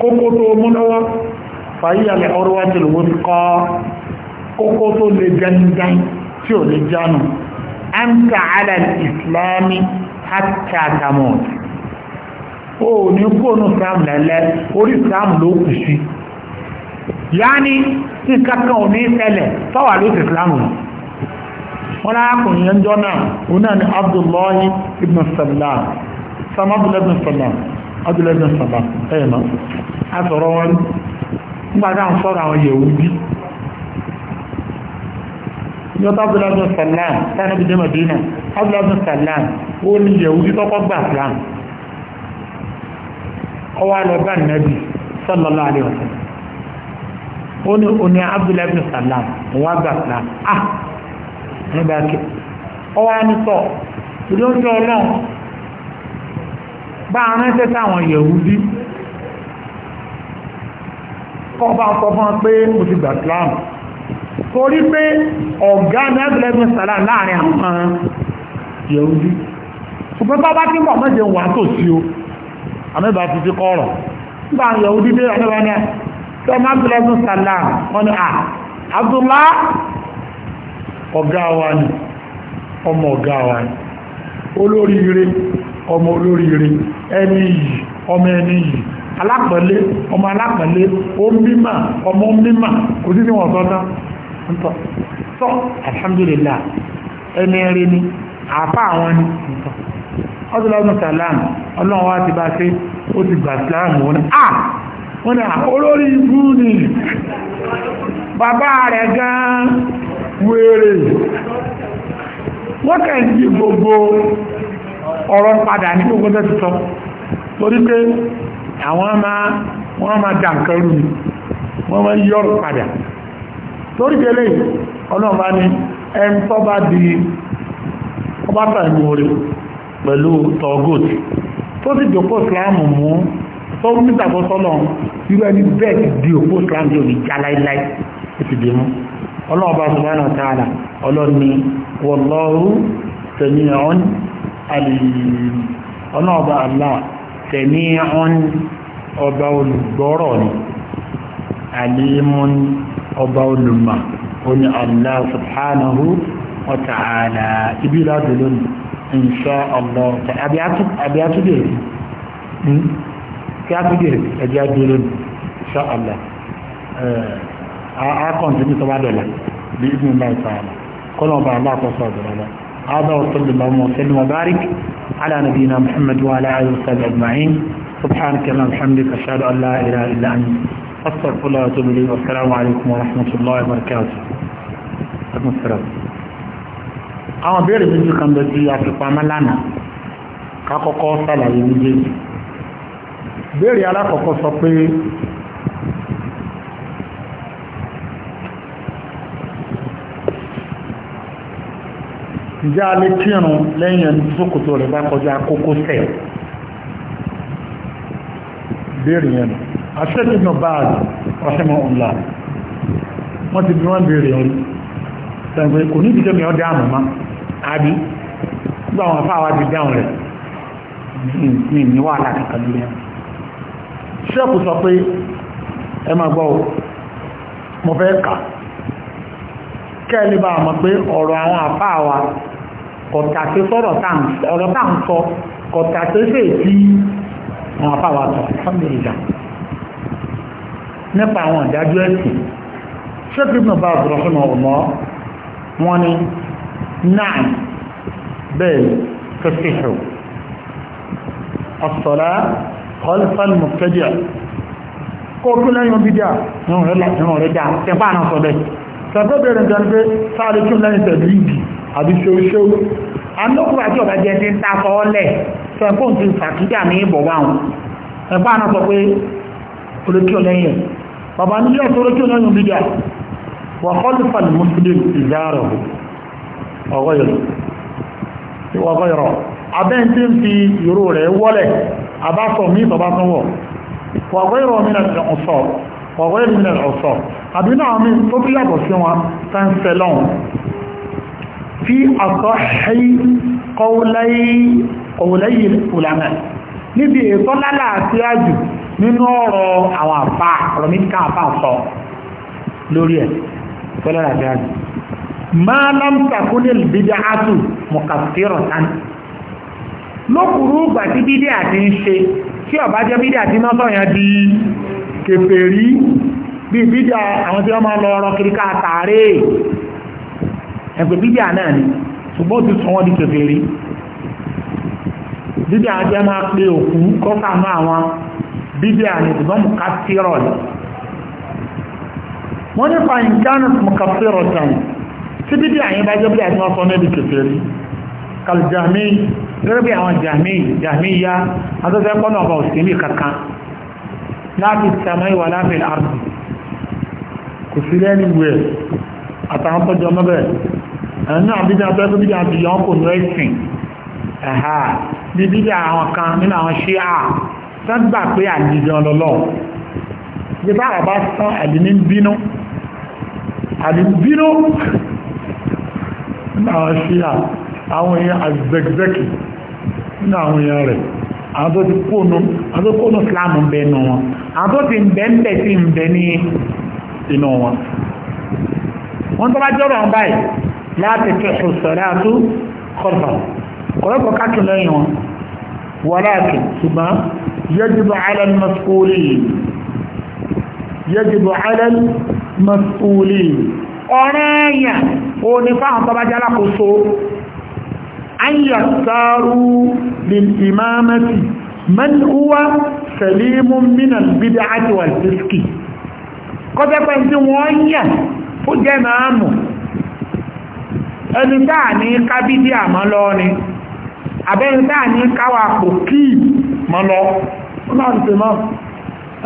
[SPEAKER 1] kókó tó mú lọ́wọ́ fàyíyàlẹ̀ ọrùwà tó lè wọ́n kọ́ kókó tó lè jẹ́ tí ò lè jánu anta ala al-islami hatta tamut o ò ní fóònù islam lẹ́lẹ́ orí islam ló kù sí yáni tí kankan ò ní ṣẹlẹ̀ fáwà ló ti islam rẹ̀ wọ́n lákùnrin yẹn jọ náà òun náà ni abdullahi ibn salam sam ibn salam abdullahi ibn salam ẹ̀yẹ̀ náà a sọ̀rọ̀ wọn nígbà tá à ń sọ̀rọ̀ àwọn Yẹhudi yọta abdullahi ibn salam sáyẹn níbi dé abdullahi ibn salam ó ní Yẹhudi tọ́kọ́ gbà islam ọwá lọ bá nàbì sallallahu alaihi wasallam ó ní oní abdullahi bin salam òun àgbà sàlám ah nígbà kí ọwá ní sọ ìlójú ọlọ́run bá aránṣẹ́ sáwọn yẹ̀wúdí kọ́ bá sọ fún pé mo ti gbà sàlám torí pé ọ̀gá ní abdullahi bin salam láàrin àwọn yẹ̀wúdí ṣùgbọ́n bá bá tí mọ̀ mọ́ wà tó sí o àmẹ́bà ti fi kọ́rọ̀ nígbà yọ̀wú dídé àmẹ́bà ní sẹ́mọ́ abdullahi salam wọ́n ni à ah, abdullah ọ̀gá wa ni ọmọ ọ̀gá wa ni olórí ire ọmọ olórí ire ẹni yìí ọmọ ẹni yìí alápẹ̀lẹ́ ọmọ alápẹ̀lẹ́ ó mímọ̀ ọmọ mímọ̀ kò sí níwọ̀n sọ́tán ntọ́ sọ alhamdulillah ẹni ẹni ni àáfà àwọn ni ntọ́ ọdúnlọ́dún sàlámù ọlọ́run wá ti bá ṣe ó ti gbà sàlámù wọn à wọ́n náà olórí ibú ni bàbá rẹ̀ gan wèrè wọ́n gbogbo ọ̀rọ̀ padà ní gbogbo tẹ́ ti torí pé àwọn máa wọ́n máa dà nǹkan rú ni wọ́n máa padà torí pé lẹ́yìn pẹ̀lú tọ́gọ́t tó sì dòpò islam mú tó nígbàgbọ́ sọ́lọ̀ irú ẹni bẹ́ẹ̀ ti di òpó islam yóò ní já láíláí ó ti dì mú ọlọ́ọ̀bá subhanahu wa ta'ala ọlọ́ni wallahu sami'un alim ọlọ́ọ̀bá Allah sami'un ọba olùgbọ́rọ̀ ni alimun ọba olùmọ̀ ó ní Allah subhanahu wa ibi láti lónìí insha allah àbí àtúndì rẹ̀ kí àtúndì rẹ̀ ان شاء الله insha allah akọ̀ǹtì ní sọ́wọ́ àdọ̀là bí ibi ńlá ìtààlà kọ́nà ọba تصادر àdọ̀là هذا وصلى اللهم وسلم وبارك على نبينا محمد وعلى اله وصحبه اجمعين سبحانك اللهم وبحمدك اشهد ان لا اله الا انت استغفر الله واتوب اليه والسلام عليكم ورحمه الله وبركاته. السلام àwọn ìbéèrè méjì kan bẹ tí a fi pamọ́ lánàá ká kọ́kọ́ sàlàyé méjèèjì ìbéèrè alákọ̀ọ́kọ́ sọ pé ǹjẹ́ a lè kírun lẹ́yìn ẹni sókòtò rẹ̀ bá kọjá kókósẹ̀ béèrè yẹn nù àṣẹ́kìnà báàgì ọ̀ṣẹ́mọ̀ ọ̀la wọ́n ti bí wọ́n béèrè ọ̀rí tẹ̀gbẹ́ kò ní ìdíjẹ́ mi ọdẹ àmọ́ máa àbí gbọ́ àwọn afáwa ti dáhùn rẹ̀ ní ní wàhálà kankan lórí ẹ̀ ṣẹ́kù sọ pé ẹ máa gbọ́ mo fẹ́ kà kẹ́ẹ̀lì bá mọ̀ pé ọ̀rọ̀ àwọn afáwa kọ̀tàṣe sọ̀rọ̀ ọ̀rọ̀ tá à ń sọ kọ̀tàṣe ṣe tí àwọn afáwa sọ fọ́nbẹ̀ ìjà nípa àwọn ìdájọ́ ẹ̀sìn ṣé kí n bá ọ̀rọ̀ fún ọ̀rọ̀ wọn ni نعم بل تصح الصلاة خلف المبتدع kóòtù lẹ́yìn bídíà ní ọ̀rẹ́ láti ọ̀rẹ́ dáa tẹ̀bá náà sọ bẹ́ẹ̀ tẹ̀bẹ́ bẹ̀rẹ̀ jẹ́ pé sáré tún lẹ́yìn tẹ̀lú ìdì àbí ṣeúṣeú anúkùnrin àti ọ̀bá jẹ́ ti ń ta fọ́ọ́lẹ̀ tẹ̀kùn ti sàkídà ní ìbọ̀wá wọn tẹ̀bá náà sọ pé olókìọ́ lẹ́yìn bàbá ní yóò tó olókìọ́ lẹ́yìn bídíà wà kọ́lùfà ní mùsùlùmí ìzárọ̀ ọgọ́yọ̀rọ̀ abẹ́ tí ń fi ìró rẹ̀ wọ́lẹ̀ abásọ̀ mí tọba tún wọ̀ ọgọ́yọ̀rọ̀ mìíràn ọ̀sọ̀ àbínú àmì tó bí yàtọ̀ sí wọn tẹ́ńsẹ̀lọ́n fi àtọ́hẹ́ kọ́wọ́lẹ́yìn ìlànà níbi ètò lálàáfíà jù nínú ọ̀rọ̀ àwọn àfà ọ̀rọ̀ mí ma lam takunil bid'atu mukaffiratan lokuru gba ti bid'a tin ṣe tí ó bá jẹ́ bid'a tin ma so yan di kèfèrí bí bid'a àwọn tí ó ma lọ ro kiri ka tare e pe bid'a náà ni ṣùgbọ́n ti sọ wọ́n di kèfèrí bid'a jẹ́ ma pe òkú ko ka ma àwọn bid'a ni ṣùgbọ́n mukaffiratan wọ́n ní fa in kanat mukaffiratan tí bídí àyín bá jẹ́ bídí àti wọ́n sọ níbi kèfèrí kàlùjàmí gẹ́gẹ́ bí àwọn jàmí jàmí ya adọ́sẹ́ pọ́nà ọba òsìmí kankan láti sàmọ́ ìwà láàfin àrùn kò sí lẹ́nu wẹ̀ àtàwọn tọ́jọ́ mọ́bẹ̀ ẹ̀nà àbídí abẹ́gbẹ́ bídí àti yọ̀ọ́ kò ní ẹ̀sìn ẹ̀hà bí bídí àwọn kan nínú àwọn ṣíà sọ́gbà pé àdìjọ lọ́lọ́ ìgbà àbá sán àdìní bínú àdìní bínú nínú àwọn ṣíyà àwọn èèyàn àzẹ̀gbẹ̀kì nínú àwọn èèyàn rẹ̀ àwọn tó ti kóònù àwọn tó kóònù sílámù ń bẹ nù wọn àwọn tó ti ń bẹ ń bẹ sí ń bẹ ní inú wọn wọ́n tó bá jọ́rọ̀ àwọn báyìí láti kẹsù sọ̀rọ̀ àtú kọfà kọ̀rọ̀kọ̀ káàkiri lẹ́yìn wọn wọ́n láti ṣùgbọ́n yajibu ala al-mas'ulin yajibu ala ọ̀rẹ́ èèyàn o ní fáhàn tọba jẹ́ alákòóso ayyà sáàrù lìlìmáàmẹ́sì mẹ́lúwà sẹ̀límù mínà bídá àti wà sískì kọ́jẹ́pẹ́ tí wọ́n yà ó jẹ́ mẹ́àmù ẹni táà ní kábídí àmọ́ lọ ni àbẹ́ni táà ní káwà pò mọ́ lọ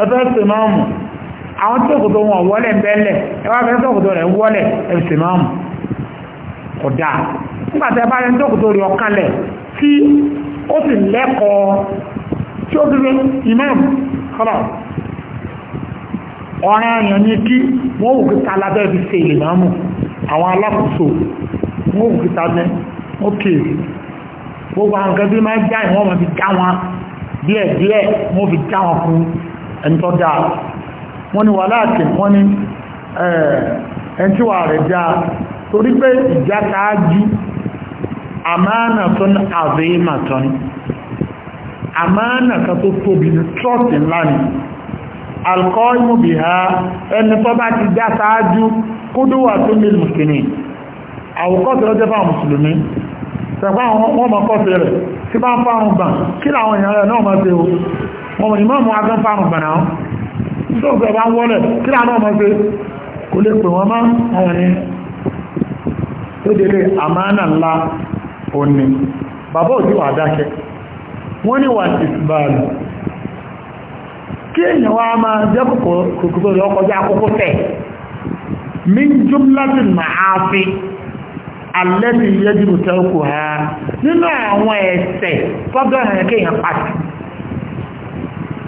[SPEAKER 1] ọlọ́run àwọn tí òkòtò wọn wọlé bẹ́ẹ̀lẹ̀ ẹwà fẹ́ tókòtò rẹ̀ wọlé ẹ̀sìn máa mú kódà nígbàtẹ́ bá rẹ̀ tókòtò rẹ̀ ọ̀kanlẹ̀ tí ó sì lẹ́kọ̀ọ́ tí ó dúró imam kọ́lá ọ̀rẹ́ èèyàn ní kí wọ́n wù kíta alábẹ́ fi ṣe ilẹ̀ máa mú àwọn alákòóso wọ́n wù kíta ní ó kéré gbogbo àwọn nǹkan bí máa já ìwọ̀n wọn fi já wọn díẹ̀díẹ̀ wọ́n fi já dáa wọ́n ní wàláàkì wọ́n ní ẹ̀ẹ́tíwà rẹ̀ já torí pé ìjátaájú amánàtọ́n àzẹ́màtọ́n amánàtọ́ tó tóbi ní trọ́ọ̀tì ńlá ni alkọ́ ìmúbi ha ẹni tó bá ti játaájú kúdúwà tó mil mùsùlùmí àwòkọ́sẹ̀ lọ́jọ́ fáwọn mùsùlùmí sẹ̀fà wọn mọ̀ kọ́sẹ̀ rẹ̀ tí bá ń fáwọn gbà tó gbẹ̀ bá wọ́lẹ̀ kí láàrín ọmọ pé kò lè pè wọ́n mọ́ àwọn ni ó délé àmánà ńlá òní bàbá òjú wà dákẹ́ wọ́n ní wà sí ìsìbáàlù kí èèyàn wá máa jẹ́ kòkòrò ọkọjá àkókò tẹ̀ min jumlatin ma'afi alẹ́bí yẹ́jú tẹ́kù ha nínú àwọn ẹ̀ṣẹ̀ tọ́gbẹ̀rẹ̀ kéèyàn pàtàkì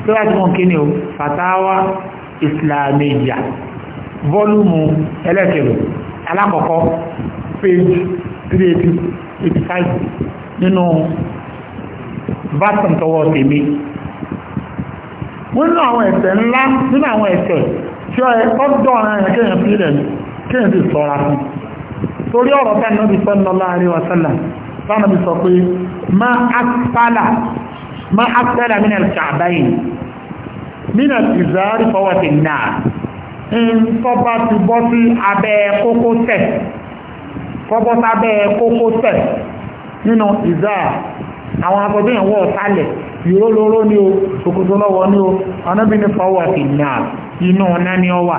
[SPEAKER 1] tíra tí wọ́n kí ni o fatawa islamiyya vọ́lùmù ẹlẹ́kẹ̀rọ alákọ̀ọ́kọ́ page 385 nínú bátan tọwọ́ tèmi wọ́n nínú àwọn ẹ̀ṣẹ̀ ńlá nínú àwọn ẹ̀ṣẹ̀ tí ó dọ̀ ọ̀rọ̀ ẹ̀yàn kéèyàn fi rẹ̀ kéèyàn sì sọ́ra fún torí ọ̀rọ̀ tánàbí sallallahu alaihi wasallam tánàbí sọ pé ma asfala ما أسفل من الكعبين من الإزار فهو في النار tọ́ba ti bọ́ sí abẹ́ kókó tẹ̀ tọ́bọ́ sábẹ́ kókó tẹ̀ nínú ìzá àwọn akọ̀dé ìwọ̀ ọ̀tálẹ̀ ìró lóró ní o ṣòkòtò lọ́wọ́ ní o anábì ní fọwọ́ sí náà inú ọ̀nà ni ọ wà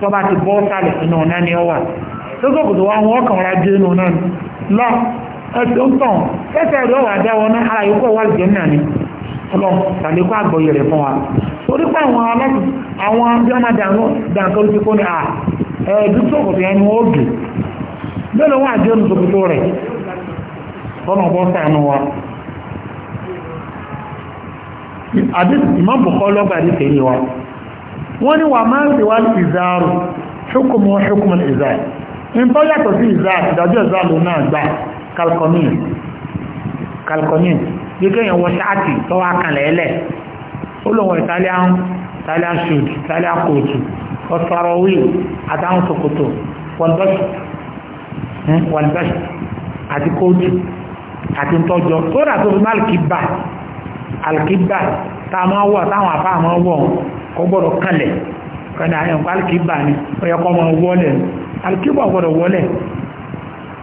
[SPEAKER 1] tọ́ba ti bọ́ sálẹ̀ inú ọ̀nà ni ọ wà tó ṣòkòtò wa wọn kàn ra gé inú náà ẹ̀tọ́ tàn ẹsẹ̀ rẹ̀ wà dáwọ́ náà ara yòókù wà lìjẹ́ náà ni ọlọ́run tàlékọ́ àgbọ̀yẹ rẹ̀ fún wa torí pé àwọn aláṣẹ àwọn abíọ́mà dàǹkọ́ ti kó ni à ẹ̀ẹ́dúgbò ẹni wọ́n lọ́nà wà jẹ́ rẹ̀ sànù wa ìmọ̀ bùkọ́ lọ́gbà ní wa wọ́n ní wà máa ń ìzáàrù ṣùkùmù ṣùkùmù ìzáà ń tọ́ yàtọ̀ sí ìzáà ìdájọ́ ìzáà lò náà kalkomin kalkomin bí kéèyàn wọ ṣáàtì tó wá kalẹ̀ ẹlẹ̀ ó lò wọ italian italian suit italian coat ọ̀sọ̀rọ̀wì àtàwọn ṣòkòtò wọ̀nbẹ́sì àti kóòtù àti ntọ́jọ́ tó dà tó fi má alkiba alkiba tá a máa wọ̀ táwọn afá máa wọ̀ kó gbọ́dọ̀ kalẹ̀ kọ́ni àyànfọ́ alkiba ni ó yẹ kó máa wọ́lẹ̀ alkiba gbọ́dọ̀ wọ́lẹ̀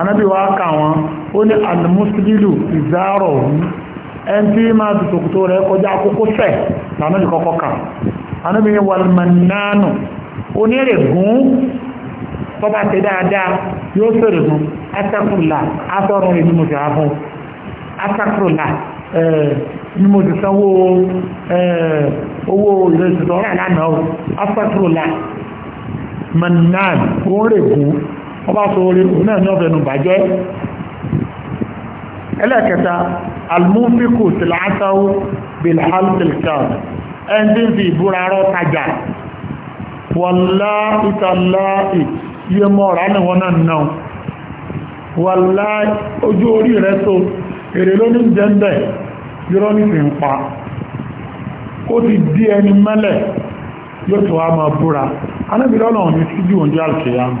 [SPEAKER 1] anábì wá kà wọ́n ó ní alimusililu ìzárọ̀ òun ẹni tí máa fi tòkòtò rẹ̀ kọjá àkókò sẹ̀ lànàbì kọ́kọ́ kà anábì ní wàlmánánù onírègún tọ́ba ṣe dáadáa yóò sọ̀rọ̀ fún asakurula asọ̀rọ̀ rẹ̀ ni mo ti rà asakurula ni mo ti sanwó owó ìrẹsì tọ́ra lánàá o asakurula manan òun règún ọba sọ orí òun náà ní ọ̀fẹ́nu bàjẹ́ ẹlẹ́ẹ̀kẹta almufiku tilatawo bilhaltilkan ẹni fi ìbúra rọ tajà wàlá ìtàlá iye mọ́ra ní wọn náà náà wàlá ojú orí rẹ̀ tó èrè ló ní jẹ́ńbẹ̀ yọ́rọ́ ní fi ń pa ó ti di ẹni mẹ́lẹ̀ yóò tó wá máa búra anábìrọ́lọ́ ní síjú oúnjẹ alkiyama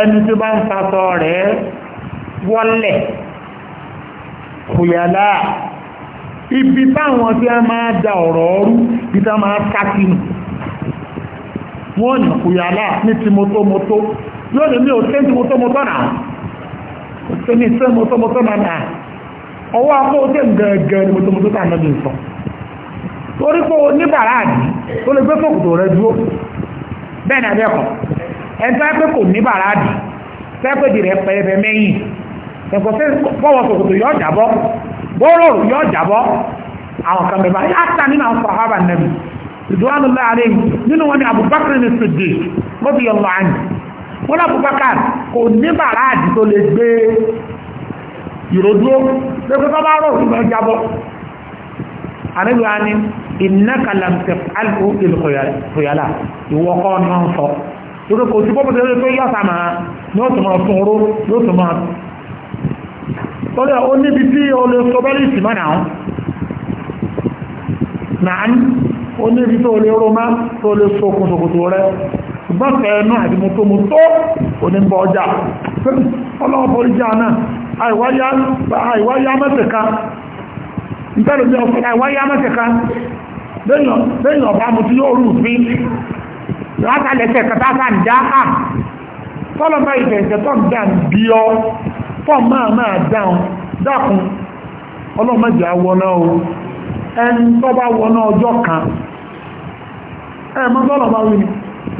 [SPEAKER 1] ẹni tí bá ń sasọ rẹ̀ wọ́lẹ̀ kùyàlá ibi táwọn tí a máa da ọ̀rọ̀ ọrú bí tá máa kákínù wọ́n ní kùyàlá ní ti mọ́tọ́mọ́tọ́ yóò lè ní òṣèlú ti mọ́tọ́mọ́tọ́ náà òṣèlú ìṣẹ́ mọ́tọ́mọ́tọ́ náà ọwọ́ akọ́ ó tẹ́ gẹ̀ẹ́gẹ́ ni mọ́tọ́mọ́tọ́ tà náà lè sọ torí pé oníbàárà àdì tó lè gbé fòkùtò rẹ dúró bẹ́ẹ̀ ni abẹ́kọ̀ọ́ ẹ̀ńtọ́ pé kò ní bàrádì sẹ́pẹ̀dì rẹ̀ pẹ̀lẹ́pẹ̀ mẹ́yìn ẹ̀kọ́ sẹ́ bọ́wọ́ sòkòtò yọ jàbọ́ bọ́ọ̀rọ̀ yọ jàbọ́ àwọn kan bẹ̀bà áta nínú àwọn sàhábà nàbì ìdúwánu láàrin nínú wọn ni Abubakar ní sùdì lóbi ọlọ àyìn wọn Abubakar kò ní bàrádì tó lè gbé ìròdúró lẹ́kọ́ tó bá rọ̀ ìgbà jàbọ́ àríwá ni ìnákàlà ń torí kò sí bọ́bọ̀ tẹ́lẹ̀ pé yọ́ sàmà yóò tó máa fún oró yóò tó máa níbi tí o lè sọ bẹ́lí ìsìnmá náà náà ó níbi tó lè rọ máa tó lè so kòtòkòtò rẹ ṣùgbọ́n àti mo tó mo tó ọjà ìjà náà àìwáyá mẹ́tẹ̀ka ọ̀fẹ́ àìwáyá mẹ́tẹ̀ka látàlẹ́sẹ̀ kàtàkà ń dá à tọ́lọ́bà ìfẹ̀ẹ̀sẹ̀ tó dá ń bí ọ fọ́ máa máa dáun dákun ọlọ́mọdé awọná o ẹn tó bá wọná ọjọ́ kan ẹ̀mọ́ tọ́lọ́bà wí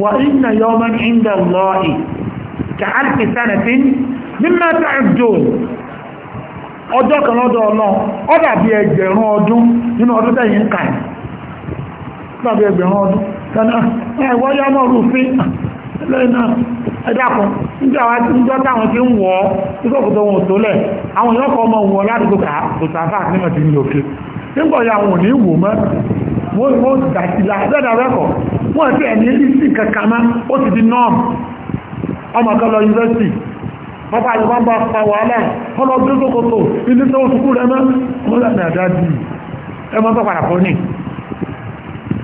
[SPEAKER 1] wà inna yawman inda Allahi ka alfi sanatin mimma ta'udun ọjọ́ kan lọ́dọ̀ ọlọ́ ọdàbí ẹgbẹ̀rún ọdún nínú ọdún tẹ́yìn kàn tọ́nà ẹ̀wọ́ yọmọ rúfin lẹ́nà ẹ̀dàkùn níjọ́ táwọn ti ń wọ́ nígbàkùtọ̀ wọn tó lẹ̀ àwọn yọ́kọ̀ ọmọ wọ ládùúgbò ká òtàfà nímọ̀ ti ní ọba àyọ̀bá bá pa wàhálà ọlọ́dún tó kòtò ilé tó sùkúrù rẹ mọ́ ọmọ lẹ́nà àdájú ẹ tó padà fún ní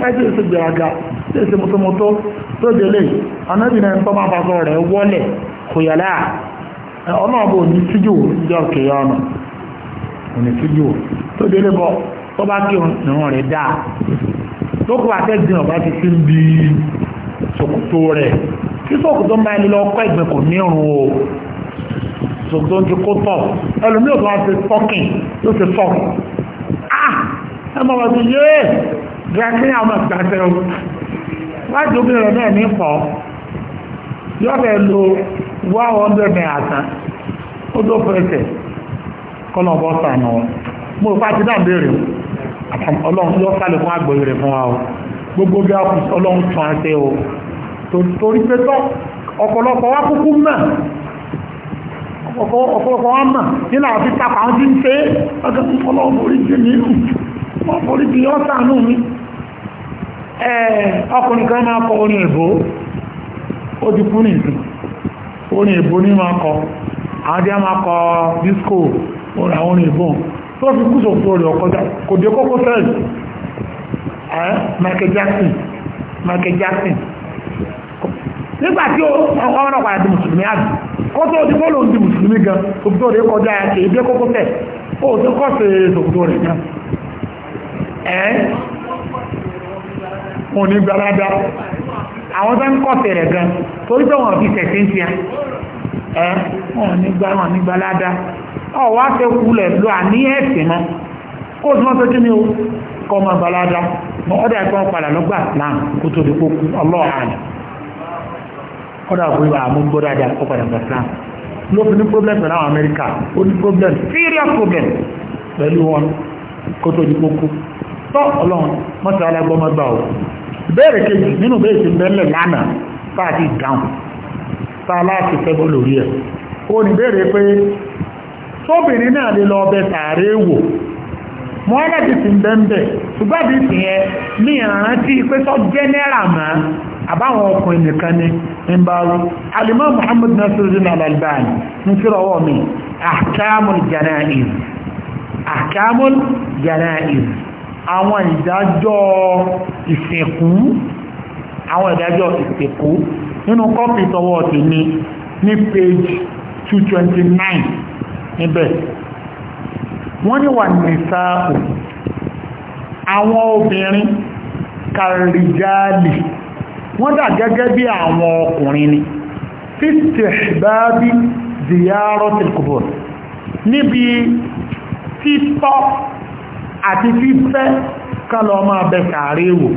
[SPEAKER 1] láti èsì gbèraga tí èsì mọ́tọ́mọ́tọ́ tó délé anábìnrin ẹni tó máa bá sọ rẹ̀ wọlẹ̀ kò yàlá ọlọ́ọ̀bọ̀ òní síjú ìjọ kìí ọ̀nà òní síjú tó délé bọ́ tó bá kí ìrún rẹ̀ dáa lókùn àtẹ́gbìn ọ̀bá ti fi ń bi ṣòkòtò rẹ̀ tí ṣòkòtò ń bá ẹni lọ kọ́ ìgbìn kò ní ìrún o ṣòkòtò ń ti kó tọ̀ ẹlòmíràn tó wá ti fọ́kìn ló ti fọ́kìn ah ẹ gẹ́gẹ́ àwọn ìgbàṣẹ́ o láti obìnrin náà ní kọ́ yóò fẹ́ lo one hundred naira tán ó tó pẹ̀sẹ̀ kọ́nà ọ̀bọ̀ sànù wọn mo rò pàtí náà béèrè ọlọ́run yóò sálẹ̀ fún àgbọ̀yé o gbogbo bí ọkùnrin ọlọ́run tún á ṣe o torí pé tọ́ ọ̀pọ̀lọpọ̀ wa kúkú mọ̀ ọ̀pọ̀lọpọ̀ wa mọ̀ nínú àwọn fífà kan tí ń ọjọ́ ọlọ́run orí jẹ́ nínú wọ́n forí di ọ́sàánú mi ọkùnrin kan máa kọ orin èbó ó ti kú nìsín orin èbó ní máa kọ makọ máa kọ disco orin àwọn orin èbó tó fi kú sòfò rẹ̀ ọkọjá kò dé kókó sẹ́ẹ̀lì Michael Jackson Michael Jackson nígbàtí mùsùlùmí kó tó ti di mùsùlùmí gan rẹ̀ kọjá kókó sẹ́ẹ̀lì ó ti kọ́ ẹ́ onigbalada gbalada àwọn tó ń kọ́ tẹ̀rẹ̀ gan torí pé wọn fi tẹ̀sí ń tiẹ̀ ẹ́ eh? wọn gbalada ní lọ àní ẹ̀sìn mọ́ kó wọ́n kí ni o kọ́ ọmọ gbalada mọ́ ọ́dà ẹ̀kọ́ padà lọ́gbà náà kó tó di kó kú ọlọ́ọ̀hánì kó kó padà gbà Islam ló fi ní problem pẹ̀lú àwọn tọ́ ọlọ́run mọ́sí alágbọ́mọ́gbà ò bẹ́ẹ̀rẹ̀ kejì nínú bẹ́ẹ̀ sí bẹ́ẹ̀lẹ̀ lánàá fáàdì ìdáhùn ta láti fẹ́bọ́ lórí ẹ̀ ó ní bèèrè pé tóbìnrin náà lè lọ ọbẹ̀ tààrí wò wọ́n láti ti ń bẹ́ńbẹ̀ ṣùgbọ́n bí ti yẹn ní ìrántí pé tó janaiz àwọn ìdájọ́ ìsìnkú àwọn ìdájọ́ ìsìnkú nínú kọ́pì tọwọ́ tèmi ní page 229 níbẹ̀ wọ́n ní wà nìsa àwọn obìnrin kàrìjáàlì wọ́n dà gẹ́gẹ́ bí àwọn ọkùnrin ni fífẹ̀ẹ́bí ziyarọ́ tìkùbọ̀ níbi títọ́ àti fífẹ́ kálọ ọmọ abẹ kààrí wò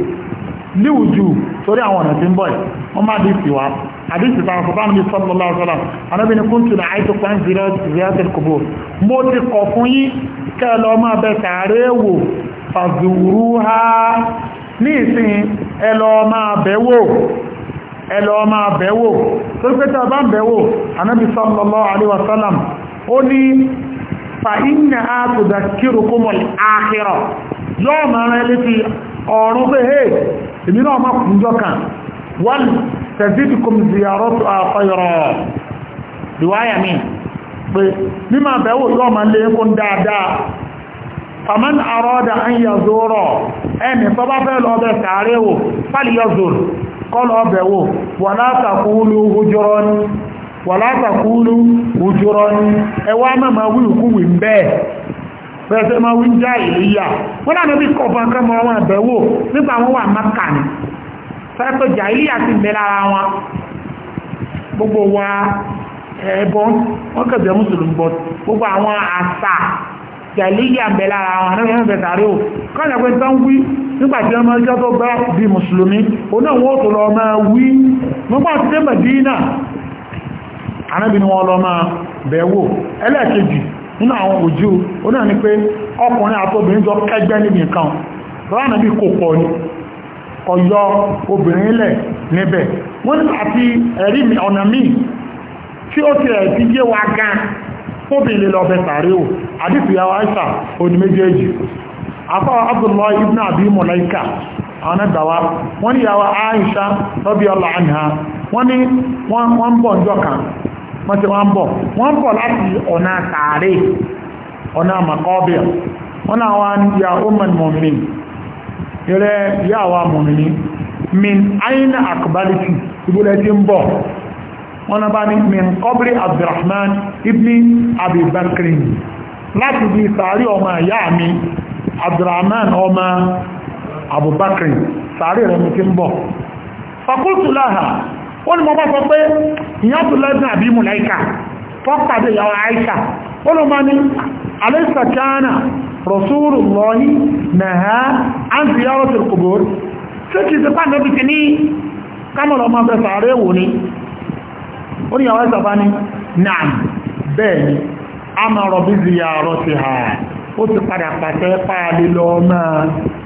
[SPEAKER 1] níwùjú torí àwọn ọ̀nà tí ń bọ̀ ẹ̀ wọ́n má dì sí wa àdìsí ta ọ̀sán bámi sallallahu alaihi wasallam anábìnrin kúntù náà àìtó pa ń zira ziyarati kubur mo ti kọ̀ fún yín kálọ ọmọ abẹ kààrí wò fazuruha ní ìsìn ẹ lọ máa bẹ̀wò ẹ lọ máa bẹ̀wò torí pé tí a bá ń bẹ̀wò anábì sallallahu alaihi wasallam fàhínà àtùdà kírù kúmọ̀ àkírọ̀ yóò máa rẹ̀ létí ọ̀run pé hey èmi náà má kùnjọ kan wọ́n tẹ̀síkùm ziyarọ́ àfẹ́rọ̀ ìwáyà mi pé mímọ̀ bẹ̀wò yóò máa lé kún dáadáa fàmán àrọ́dà ń yà zóòrọ̀ ẹni tó fẹ́ lọ bẹ̀ sàárẹ̀ wò fàlì yà bẹ̀wò wọ́n látàkùn olú hujọ́rọ́ wàlátà kúrú òjòrò ní ẹwà mẹ́mà wíwùkúwì ń bẹ́ẹ̀ pẹ̀sẹ̀ ma wí ń já ìlúyà wọ́n náà bí kọ̀ọ̀fà kẹ́mọ̀ wọn àbẹ̀wò nípa wọn wà mẹ́kà ní fẹ́ẹ̀tọ̀ jà ìlúyà sí ń lára wọn gbogbo wa ẹ̀bọ wọn kẹ̀bẹ̀ mùsùlùmí bọ̀ gbogbo àwọn àṣà jà ìlúyà ń bẹ lára wọn náà wọ́n bẹ̀ sáré o kọ́nyà pé tán wí nígbà tí ọmọ ẹjọ́ tó gbẹ́ bí mùsùlùmí onáwọn tó lọ ọmọ wí nígbà tí anábìnú wọn lọ máa bẹ̀wò ẹlẹ́ẹ̀kejì nínú àwọn òjú ó náà ni pé ọkùnrin àtobìnrin jọ kẹgbẹ́ níbi nǹkan ránà bí ni ọ̀yọ́ obìnrin lẹ̀ níbẹ̀ wọ́n ní àti ẹ̀rí ọ̀nà míì tí ó ti yé wa gan fóbìnrin lọ bẹ tààrí o àdìsí yàwó àìsà òní méjèèjì afọ́ Abdullahi ibn Abi Mulaika àwọn ẹgbàwá wọ́n ní yàwó àìsà lọ́bí ọlọ́ àmì ha ni ní ń kan wọ́n ti wọ́n ń bọ̀ wọ́n ń bọ̀ láti ọ̀nà tààrí ọ̀nà makọ́bíà wọ́n náà wá ń ya omen mọ̀mí eré yàwá min aina akbaliki ibùdó ti ń bọ̀ wọ́n náà bá ní min kọ́bírí abdulrahman ibni abibakri láti bí sàárì ọmọ ìyá mi abdulrahman ọmọ abubakri sàárì rẹ̀ mi ti ń bọ̀ fakultu láha ó ní mo bá sọ pé ìyàn tó lẹ́sìn àbí mùláìkà fọ́pàdé ìyàwó àìsà ó ló máa ní alẹ́sàkánà rọ̀súrù lọ́yí nàá àǹtí yàrá tó kòbó tí kì í sí pàdé bí ti ní kámọ̀lọ́ máa fẹ́ sàárẹ̀ wò ní ó ní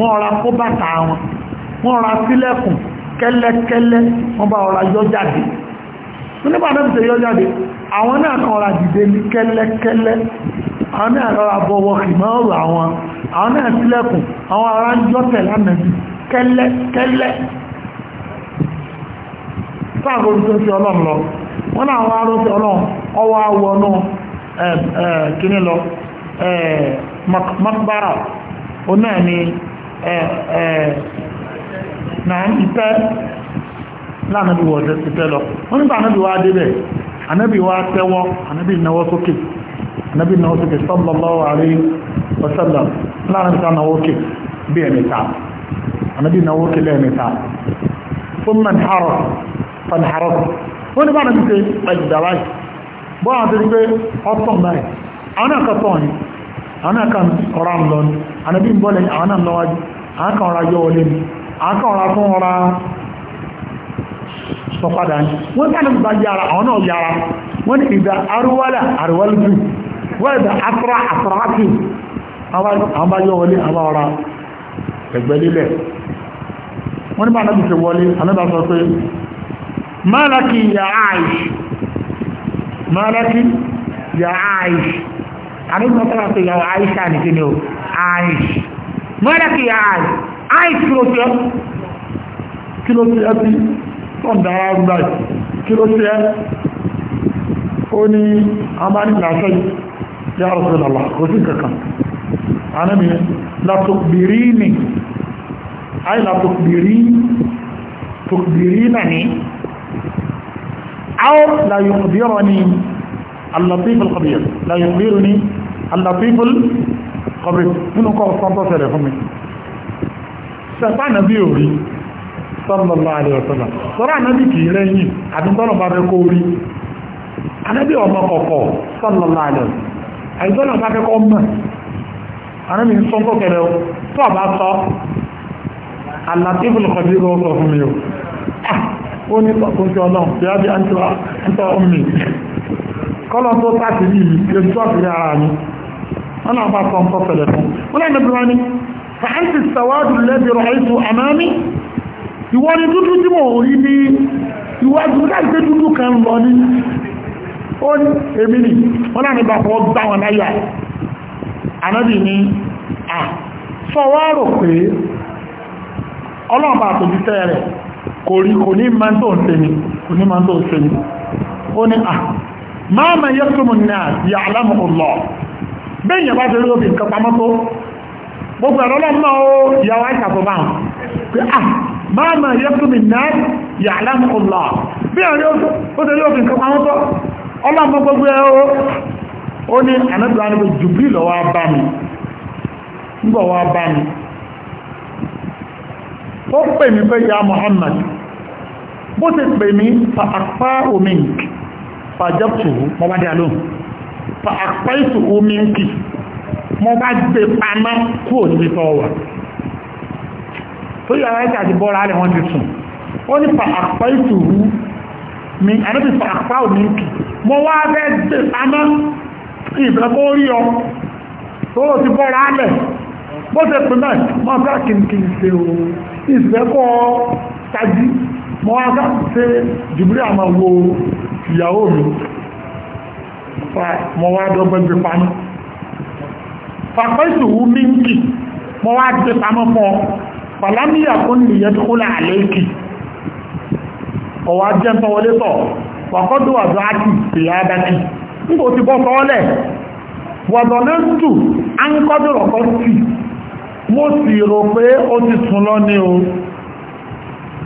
[SPEAKER 1] wọ́n ọ̀rá kó bàtà wọn wọ́n ọ̀rá sílẹ̀kùn kẹ́lẹ́kẹ́lẹ́ wọ́n bá ọ̀rá yọ jáde nígbà náà ti yọ jáde àwọn náà kan ọ̀rá dìde ní kẹ́lẹ́kẹ́lẹ́ àwọn náà lọ́ra bọ̀wọ̀ ìmọ̀ọ́rọ̀ àwọn àwọn náà sílẹ̀kùn àwọn ará ń jọ́tẹ̀ lánàá kẹ́lẹ́kẹ́lẹ́ sáàgó tó ń fi ọlọ́run lọ wọ́n náà wọ́n arọ́ sí ọlọ́run ọwọ́ awọ náà kìíní lọ makbara onáà ni na ìtẹ́ láàánábì wọ̀ ìtẹ́ lọ wọ́n nígbà ànábì wá débẹ̀ ànábì wá tẹ́wọ́ ànábì náwọ́ sókè ànábì náwọ́ sókè sallallahu alaihi wasallam láàánábì ká náwọ́ sókè bí ẹ̀mẹ́ta ànábì náwọ́ sókè lẹ́ẹ̀mẹ́ta fún mẹ́nhárọ̀ fẹ́nhárọ̀ wọ́n nígbà ànábì ṣe ẹ̀jẹ̀ dàbáyì bọ́ àwọn ti àwọn kan ọ̀rá ń lọ ní ànábì ń bọ́ lẹ́yìn àwọn náà lọ́wájú àwọn kan ọ̀rá yọ wọlé ní àwọn kan ọ̀rá fún ọ̀rá sọ padà ní wọ́n ní ànábì bá yára àwọn náà yára wọ́n ní ìgbà arúwálà arúwálùjù wọ́n ìgbà afra afraatì àwọn bá yọ wọlé àwọn ọ̀rá ẹgbẹ́ lílẹ̀ àníkùn tọ́lá pé ìyàwó àìṣà ní kí ni o àìṣ mọ́lá kí ìyà àìṣ àìṣ kí ló tẹ́ kí ló tẹ́ bí ọ̀dà ọgbà kí ló tẹ́ ó ní amánilàṣẹ́ yà Rasulullah kò sí kankan ànábi látòkbìrí ni àì látòkbìrí tòkbìrí náà ni àwọn làyòkbìrọ̀ ni اللطيف الخبير لا يخبرني اللطيف الخبير nínú kọ́ sọ́tọ́ tẹ̀lẹ̀ fún mi sẹ́pá nàbí orí sallallahu alaihi wasallam sọ́rọ̀ ànábì kìí rẹ́yìn àti tọ́lọ̀ bá fẹ́ kó rí ànábì ọmọ kọ̀kọ̀ sallallahu alaihi wasallam àti tọ́lọ̀ bá fẹ́ kọ́ mọ̀ ànábì ń sọ́tọ́ tẹ̀lẹ̀ tó àbá sọ اللطيف الخبير ó sọ fún mi ó ní tọ́kùn tí ọlọ́run tí á bí àǹtọ́ ọmọ kọ́lọ́ tó tàbí yìí lójú ọ̀fìrí ara mi wọ́n náà bá sọ ń anyị fẹ̀lẹ̀ fún wọ́n náà níbi wọn ni fàáǹtì sàwádù lẹ́bi rọ̀ àìsù àmàmì ìwọ ni dúdú tí mo rí ní iwájú láti pé dúdú kan lọ ní ó ní èmi nì ni à sọ pe rò pé ọlọ́ọ̀bà àtòjíṣẹ́ rẹ̀ kò kò ní máa tó ń kò ní máa mẹ́ yẹ́ súnmù náà yà alámùkùnlọ bẹ́yìn bá torí òfin kan pamọ́ tó gbogbo ẹ̀rọ lọ́nà ó yàwó àìsàkó bá pé à máa mẹ́ yẹ́ súnmù náà yà alámùkùnlọ bí ẹ̀rọ ó torí òfin kan pamọ́ tó ọlọ́mọ gbogbo ẹ̀ ó ó ní ànábìlá ní jùbí lọ́wọ́ bá mi ńgbọ̀ wá bá mi ó pè mí pé ya Muhammad bó ti pè mí fa omi nìkì fàjọ́pùtù mọ́ bá dá lóhùn fa àpẹ́sù omi ń kì mọ́ bá gbé pamọ́ kúrò níbi tó wà tó yàrá ẹ̀ka àti bọ́ra rẹ̀ wọ́n ti sùn ó ní fa àpẹ́sù mi àdébí fa àpá omi ń kì mọ́ wá fẹ́ gbé pamọ́ ìfẹ́ bó rí ọ tó o ti bọ́ra rẹ̀ bó ṣe pè náà mọ́ bá kìnkìn ṣe o ìfẹ́ kọ́ tají mọ́ wá fẹ́ jùbírí àmọ́ wo ìyàwó mi mo wá dọ́gbọ́n gbé pamọ́ fàkọ́sù wú mínkì mo wá gbé pamọ́ fún ọ pàlámìyà kún nìyẹn tó kúlẹ̀ àlẹ́kì ọwọ́ ajẹ́ tọwọlé tọ̀ wàkọ́dù àzọ́ákì ìyá adákì nígbò ti bọ́ sọ́ọ́lẹ̀ wọ̀dọ̀lẹ́ tù á ń kọ́dù rọ̀kọ́ sí mo sì rò pé ó ti sùn o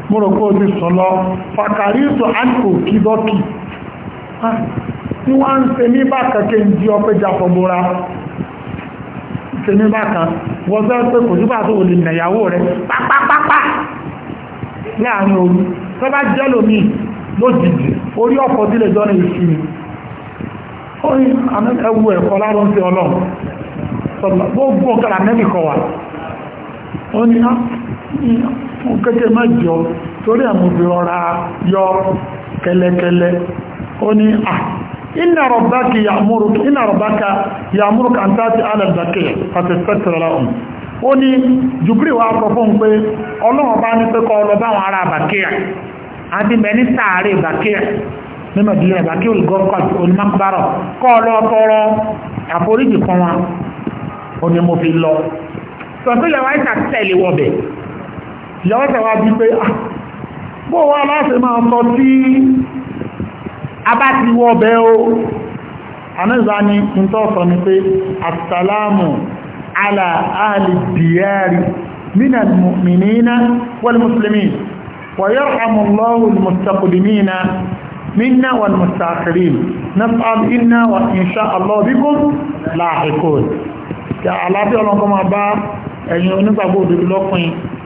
[SPEAKER 1] mo rò pé ó ti sùn lọ fàkàrí ìtò àkókí dọ́kì tí wọ́n ń ṣe ní bákan kí n di ọpẹ́ jápọ̀ bóra ṣe ní bákan wọ́n sọ pé kò sí pàtó olè nàyàwó rẹ̀ pápápápá láàrin orí tó bá jẹ́ lómi lójijì orí ọkọ̀ sílẹ̀ jọ́nà ìṣúni ó ní ẹwu ẹ̀kọ́ lárún sí ọlọ́run gbogbo ọ̀kadà nẹ́bì kọ wà ó ní ọkẹ́kẹ́ ah, mẹ́jọ torí ẹ̀mú fi rọra yọ kẹlẹkẹlẹ ó ní à iná rọ̀bákì yàmúrùkà ń tàbí alẹ́bàkì àti sẹ́tìrìlá ọ̀hún ó ní jùbírí wa sọ fún pé ọlọ́run bá ní pé kọ́ lọ báwọn ará bàkíyà àti mẹ́ni sàárè bàkíyà ní mẹ́dílẹ̀ bàkíyà olùgọ́kọ̀t olùmọ́kbárọ̀ kọ́ lọ tọrọ àforíjì kan wa ó ní mo fi lọ sọ̀tún yàwá ìta abá ti wọ́ ọbẹ̀ o anẹ́sà ni ntọ́sọ̀ ni pé asàlámù ala ahli diyari min almu'minina wal muslimin wa yarhamu Allahu almustaqdimina minna wal mustaakhirin nas'al inna wa insha Allah bikum lahiqun ya alabi olonko ma ba ẹ̀yin onígbàgbọ́ lọ́kùnrin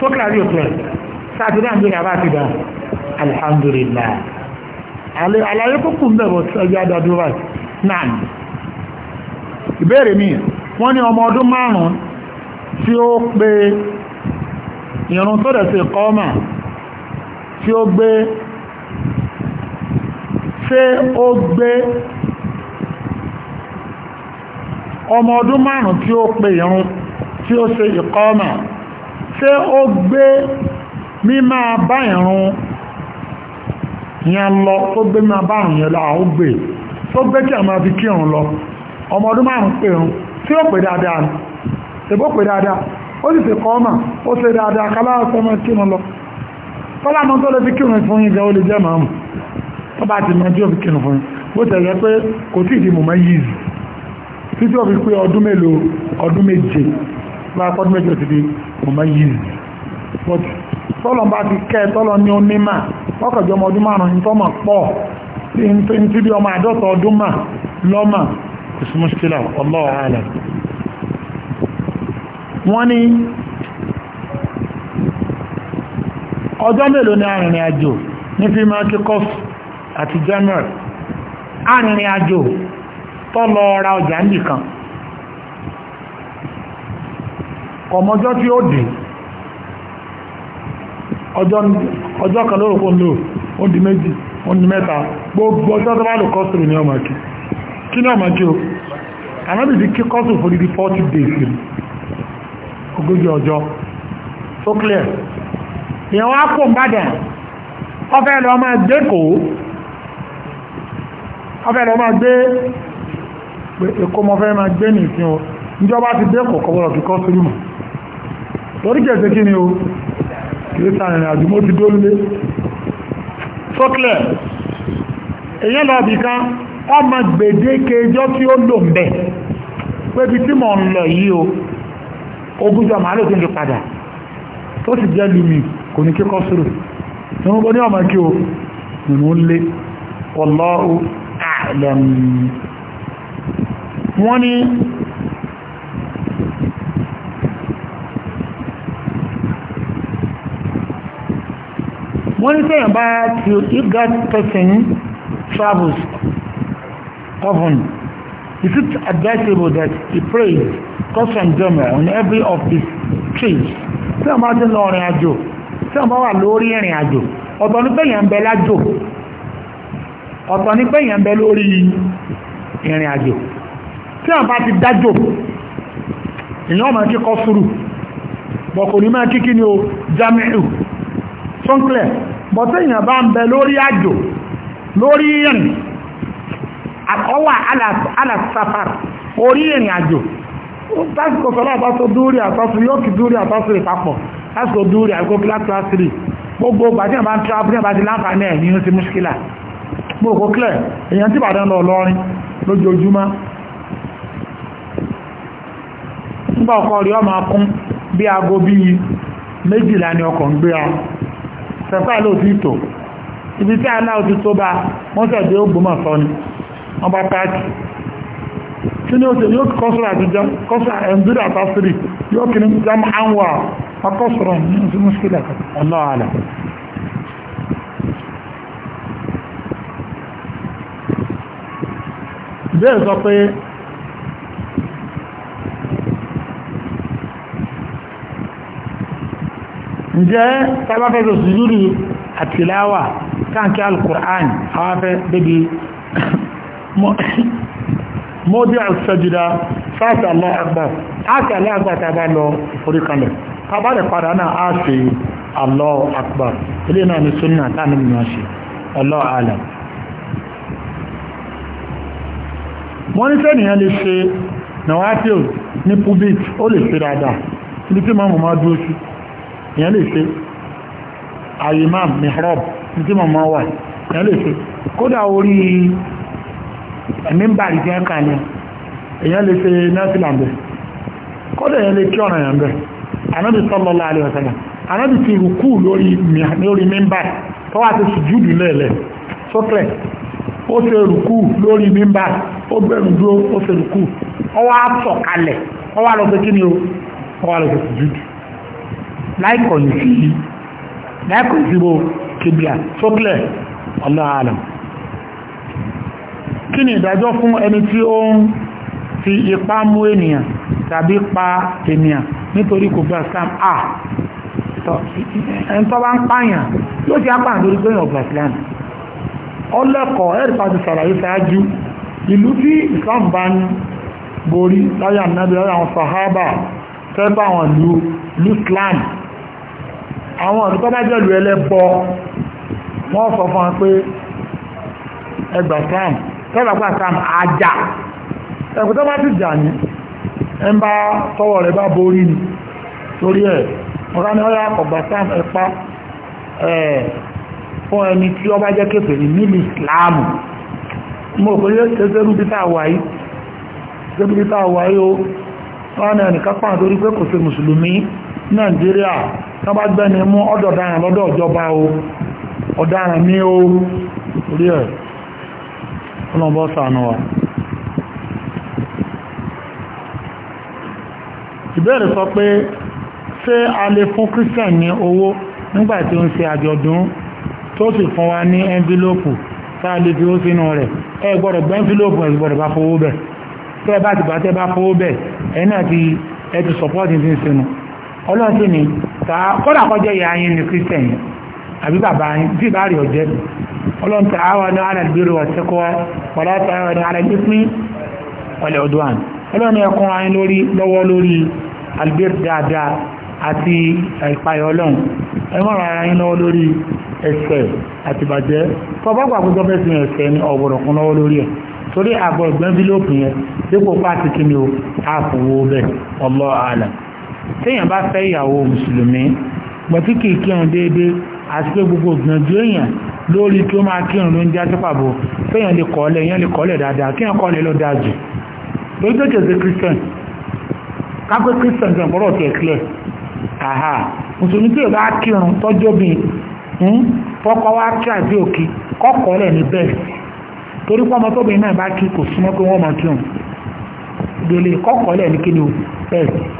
[SPEAKER 1] tó kíláàrí òpin sáàtì náà gbéra bá ti dà alhamdulillah àlàyé kókù ń bẹ̀rọ̀ ọjọ́ àdàdúró báyìí náà ìbéèrè mi wọ́n ní ọmọ ọdún márùn-ún tí ó pé ìrun tó dẹ̀ sí kọ́mà tí ó gbé ṣé ó gbé ọmọ ọdún márùn-ún tí ó pé ìrun tí ó ṣe ìkọ́mà ṣé ó gbé mímá bá lọ tó gbé mímá bá yẹn lọ àwọn gbé tó gbé kí àwọn fi lọ ọmọ ọdún márùn pé òun tí ó pè dáadáa ni tèbó pè dáadáa ó sì ti kọ́ ó ṣe dáadáa kaláwọ̀ lọ tọ́lá mọ́ tó lè fi fún yín gan ó lè jẹ́ tó bá ti mọ tí ó fi fún yín bó pé kò tí ì di mọ̀mọ́ lára fọ́dún méjì òtítí mọ̀mọ́ yìí but tọ́lọ̀ bá ti kẹ́ tọ́lọ̀ ní onímà ọkọ̀jọ́ ọmọ ọdún márùn-ún tọ́mọ̀ pọ̀ tí bí ọmọ àdọ́ta ọdún mà lọ́mà kò sí mọ́ṣíkílà ọlọ́ọ̀ ààlẹ̀ wọ́n ní ọjọ́ mélòó ni arìnrìn àjò ní fi máa kíkọ́f àti jẹ́mẹ̀rẹ̀ arìnrìn àjò tọ́lọ ra ọjà nìkan kọmọjọ́ tí ó dì ọjọ́ kan lórúkọ lò ó di méjì ó di mẹ́ta gbogbo ọjọ́ tó bá lò kọ́sùrù ní ọmọ kí kí ní ọmọ kí o anábì ti kí kọ́sùrù fún ìdí 40 days rí ogójì ọjọ́ tó clear ìyẹn wá kó ń bàdàn ọfẹ́ lọ máa gbé kò ọfẹ́ lọ máa gbé èkó mọ́fẹ́ máa gbé o ìjọba ti dé kò kọ́wọ́rọ̀ kíkọ́ sórí mọ̀ torí kẹsẹ̀ kí ni o kìí sàrìnrìn àjò mọ́ ti dólé sọ́kílẹ̀ èyàn lọ bì kan ọmọ gbèdéke ẹjọ́ tí ó lò ń bẹ̀ pébi tí mò ń lọ yìí o ogúnjọ màálù tó ń padà tó sì jẹ́ lumi kò ní kíkọ́ sùrù ní wọ́n ní ọmọ kí o nínú lé wallahu a'lam wọ́n ní wọ́n ní sẹ́yìn bá ti if that person travels often is it advisable that he prays comes from Jomra on every of his trips sẹ́yìn bá ti lọ rìn àjò sẹ́yìn bá wà lórí ìrìn àjò ọ̀tọ̀ ní pẹ̀yàn bẹ lájò ọ̀tọ̀ ní pẹ̀yàn bẹ lórí ìrìn àjò tí wọ́n bá ti dájò èyàn ọmọ kíkọ́ sùúrù bọ̀kò ní máa kíkí ni o jamiu sọ́nkílẹ̀ bọ̀tẹ́yìn bá ń bẹ lórí àjò lórí ìrìn àkọwà alàsàfà orí ìrìn àjò tásìkò sọ́lá àtàsọ dúrí àtàsọ yóòkì dúrí àtàsọ ìpapọ̀ tásìkò dúrí àgbo kílátìlátìrì gbogbo gbàtíyàn bá ń tra abúlé bá ti láǹfààní ẹ̀ nínú ti múṣkílà gbogbo clear èèyàn tí Ìbàdàn lọ lọ́rin lójoojúmọ́ nígbà ọkọ̀ rí ọmọ akún bí aago bíi méjìlá ni ọkọ̀ ń gbéra sẹ̀fà ló ti tò ibi tí àná ò ti tó bá wọ́n tẹ̀dé ògbómọ̀ sọ ni wọ́n bá páàkì kí ni ó ṣe yóò kọ́sùrù àtijọ́ kọ́sùrù ẹ̀ǹdúrà pásírì yóò kí ni jam anwa akọ́sùrù ní oṣù mùsùlùmí ọlọ́ọ̀lá ǹjẹ́ tábàfẹ́ tó sùjúdù àtìláwà káàkiri alukur'an àwọn afẹ́ débi mọ́dí àṣẹjìdá sáàtì aláàgbà sáàtì aláàgbà tàbá lọ orí kalẹ̀ tàbá rẹ̀ padà náà á sí Allahu akbar ilé náà ni súnnà tánà mìíràn ṣe Allahu alam wọ́n ní sẹ́nìyàn lè ṣe nàwátí ní púbík ó lè ṣe dáadáa ibi tí mọ́mù máa dúró sí èèyàn lè ṣe àyè máa mihrab ní tí màmá wà èèyàn lè ṣe kódà orí ẹ̀mí ń bàrí jẹ́ kan ni èèyàn lè ṣe nọ́ọ̀sìlà kódà èèyàn lè kí ọ̀nà yẹn bẹ̀ anábì sallallahu alaihi wasallam anábì ti rùkú lórí mímbà tó wà ti sùjúdù lẹ́ẹ̀lẹ̀ sókè ó ṣe rùkú lórí mímbà ó gbẹ̀rù dúró ó ṣe rùkú láìkọ̀yìn sí láìkọ̀yìn sí bó kìbìlà sókèlè Allahu alam kí ni ìdájọ́ fún ẹni tí ó ń fi ipá mú ènìyàn tàbí pa ènìyàn nítorí kò gba Islam a ẹni tó bá ń pààyàn yóò ti apá àdórí pé èèyàn gba Islam ọlẹ́kọ̀ọ́ ẹ̀rí pàtó ṣàlàyé ṣáájú ìlú tí Islam bá ń borí láyà nábì láyà àwọn sahaba tẹ́gbà àwọn ìlú Islam àwọn ọ̀dọ́ tọ́bájọ́lù ẹlẹ́bọ wọ́n sọ fún wọn pé ẹgbà sam tọ́lápá sam ajá ẹ̀kú tó bá ti jà ní ẹ ń bá tọwọ́ rẹ̀ bá borí ni torí ẹ̀ ọ̀rá ni ọ̀yà ọ̀gbà sam ẹ̀pá fún ẹni tí ó bá jẹ́ kèfèrí nílùú ìsìláàmù mo pè é ṣẹ́ṣẹ́rú bí táà wáyé ṣẹ́ṣẹ́rú bí a wáyé o wọ́n á ní ẹnìkan pàǹtórí pé kò sí mùsùlùmí nàìjíríà tábà gbẹ́ni mú ọ̀dọ̀ ọ̀daràn lọ́dọ̀ ìjọba o ọ̀daràn ní o rí ẹ̀ ọlọ́bọ̀ sànú wa ìbéèrè sọ pé ṣé a lè fún christian ní owó nígbàtí ó ń ṣe àjọ̀dún tó sì fún wa ní envelope tá a lè fi ó sínú rẹ̀ ẹ gbọ́dọ̀ gbé envelope ẹ gbọ́dọ̀ bá fowó bẹ̀ tẹ́ bá ti bá tẹ́ bá fowó bẹ̀ ẹ̀ náà ti ẹ ti support ní sínú ọlọ́sìn ni tàà kọ́dà kọjọ́ ìyá yín ní christian yẹn àbí bàbá yín tí bá rí ọjẹ́ ọlọ́run tà áwà ní alàgbèrè ọ̀sẹ́kọ́ ọlọ́tà áwà ní alàgbẹ́pín ọlẹ̀ ọdún ọlọ́run ẹkùn ayín lórí lọ́wọ́ lórí albert dáadáa àti ìpayọ̀ ọlọ́run ẹmọ́ràn ara yín lọ́wọ́ lórí ẹsẹ̀ àtìbàjẹ́ tọ́bọ́gbà gbogbo fẹ́ sin ẹsẹ̀ ní ọ̀gbọ̀rọ̀ kan lọ́wọ́ lórí ẹ̀ torí àgbọ̀ ìgbẹ́ńbílòpù yẹn dípò pàtìkì ni ó àfòwò bẹ́ẹ̀ ọlọ́ àlà téèyàn bá fẹ́ ìyàwó mùsùlùmí gbọ̀tí kìí kírun déédéé àti pé gbogbo gbìyànjú èèyàn lórí kí ó máa kírun ló ń já sí pàbò téèyàn lè kọ́lẹ̀ èèyàn lè kọ́lẹ̀ dáadáa kéèyàn kọ́lẹ̀ lọ dáa jù lórí tó tẹ̀sẹ̀ christian kápẹ́ christian kan gbọ́dọ̀ tẹ̀ clear aha mùsùlùmí tí èèyàn bá kírun tọ́jọ́ bíi hmm, fọ́kọ́ wá kí àbí òkè kọ́kọ́lẹ̀ ní bẹ́ẹ̀ torí pọ́mọ tóbi náà bá kí kò súnmọ́ pé wọ́n máa kírun ìdòlè kọ́kọ́lẹ̀ ní kíni o bẹ́ẹ̀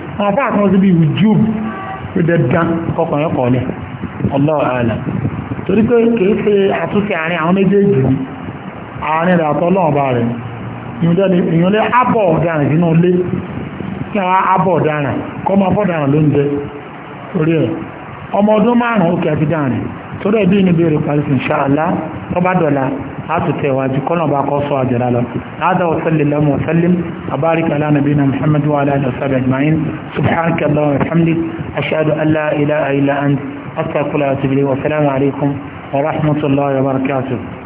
[SPEAKER 1] àfá àkan sí bí wùjúb dandan ọkùnrin ọkọ̀ọ̀lẹ̀ Allahu a'lam torí pé kìí ṣe àtúnṣe àárín àwọn méjèèjì àárín rẹ̀ àtọ́ rẹ̀ ìyọ̀lẹ́ abọ̀ ọ̀daràn sínú ilé kí a abọ̀ ọ̀daràn kọ́ máa fọ́ ọ̀daràn lóúnjẹ torí ẹ̀ ọmọ ọdún márùn-ún ó kẹ́ ti torí ẹbí ní bèèrè parí sí ṣáàlá tó bá dọ̀la láti tẹ̀wájú kọ́nà bá kọ́ sọ àjẹ́rà lọ láàdá wasalli lamu wasallim abáríkà lánà bí na muhammadu wa aláàdá sábẹ̀ ajma'in subhanaka allah wa hamdi ashadu allah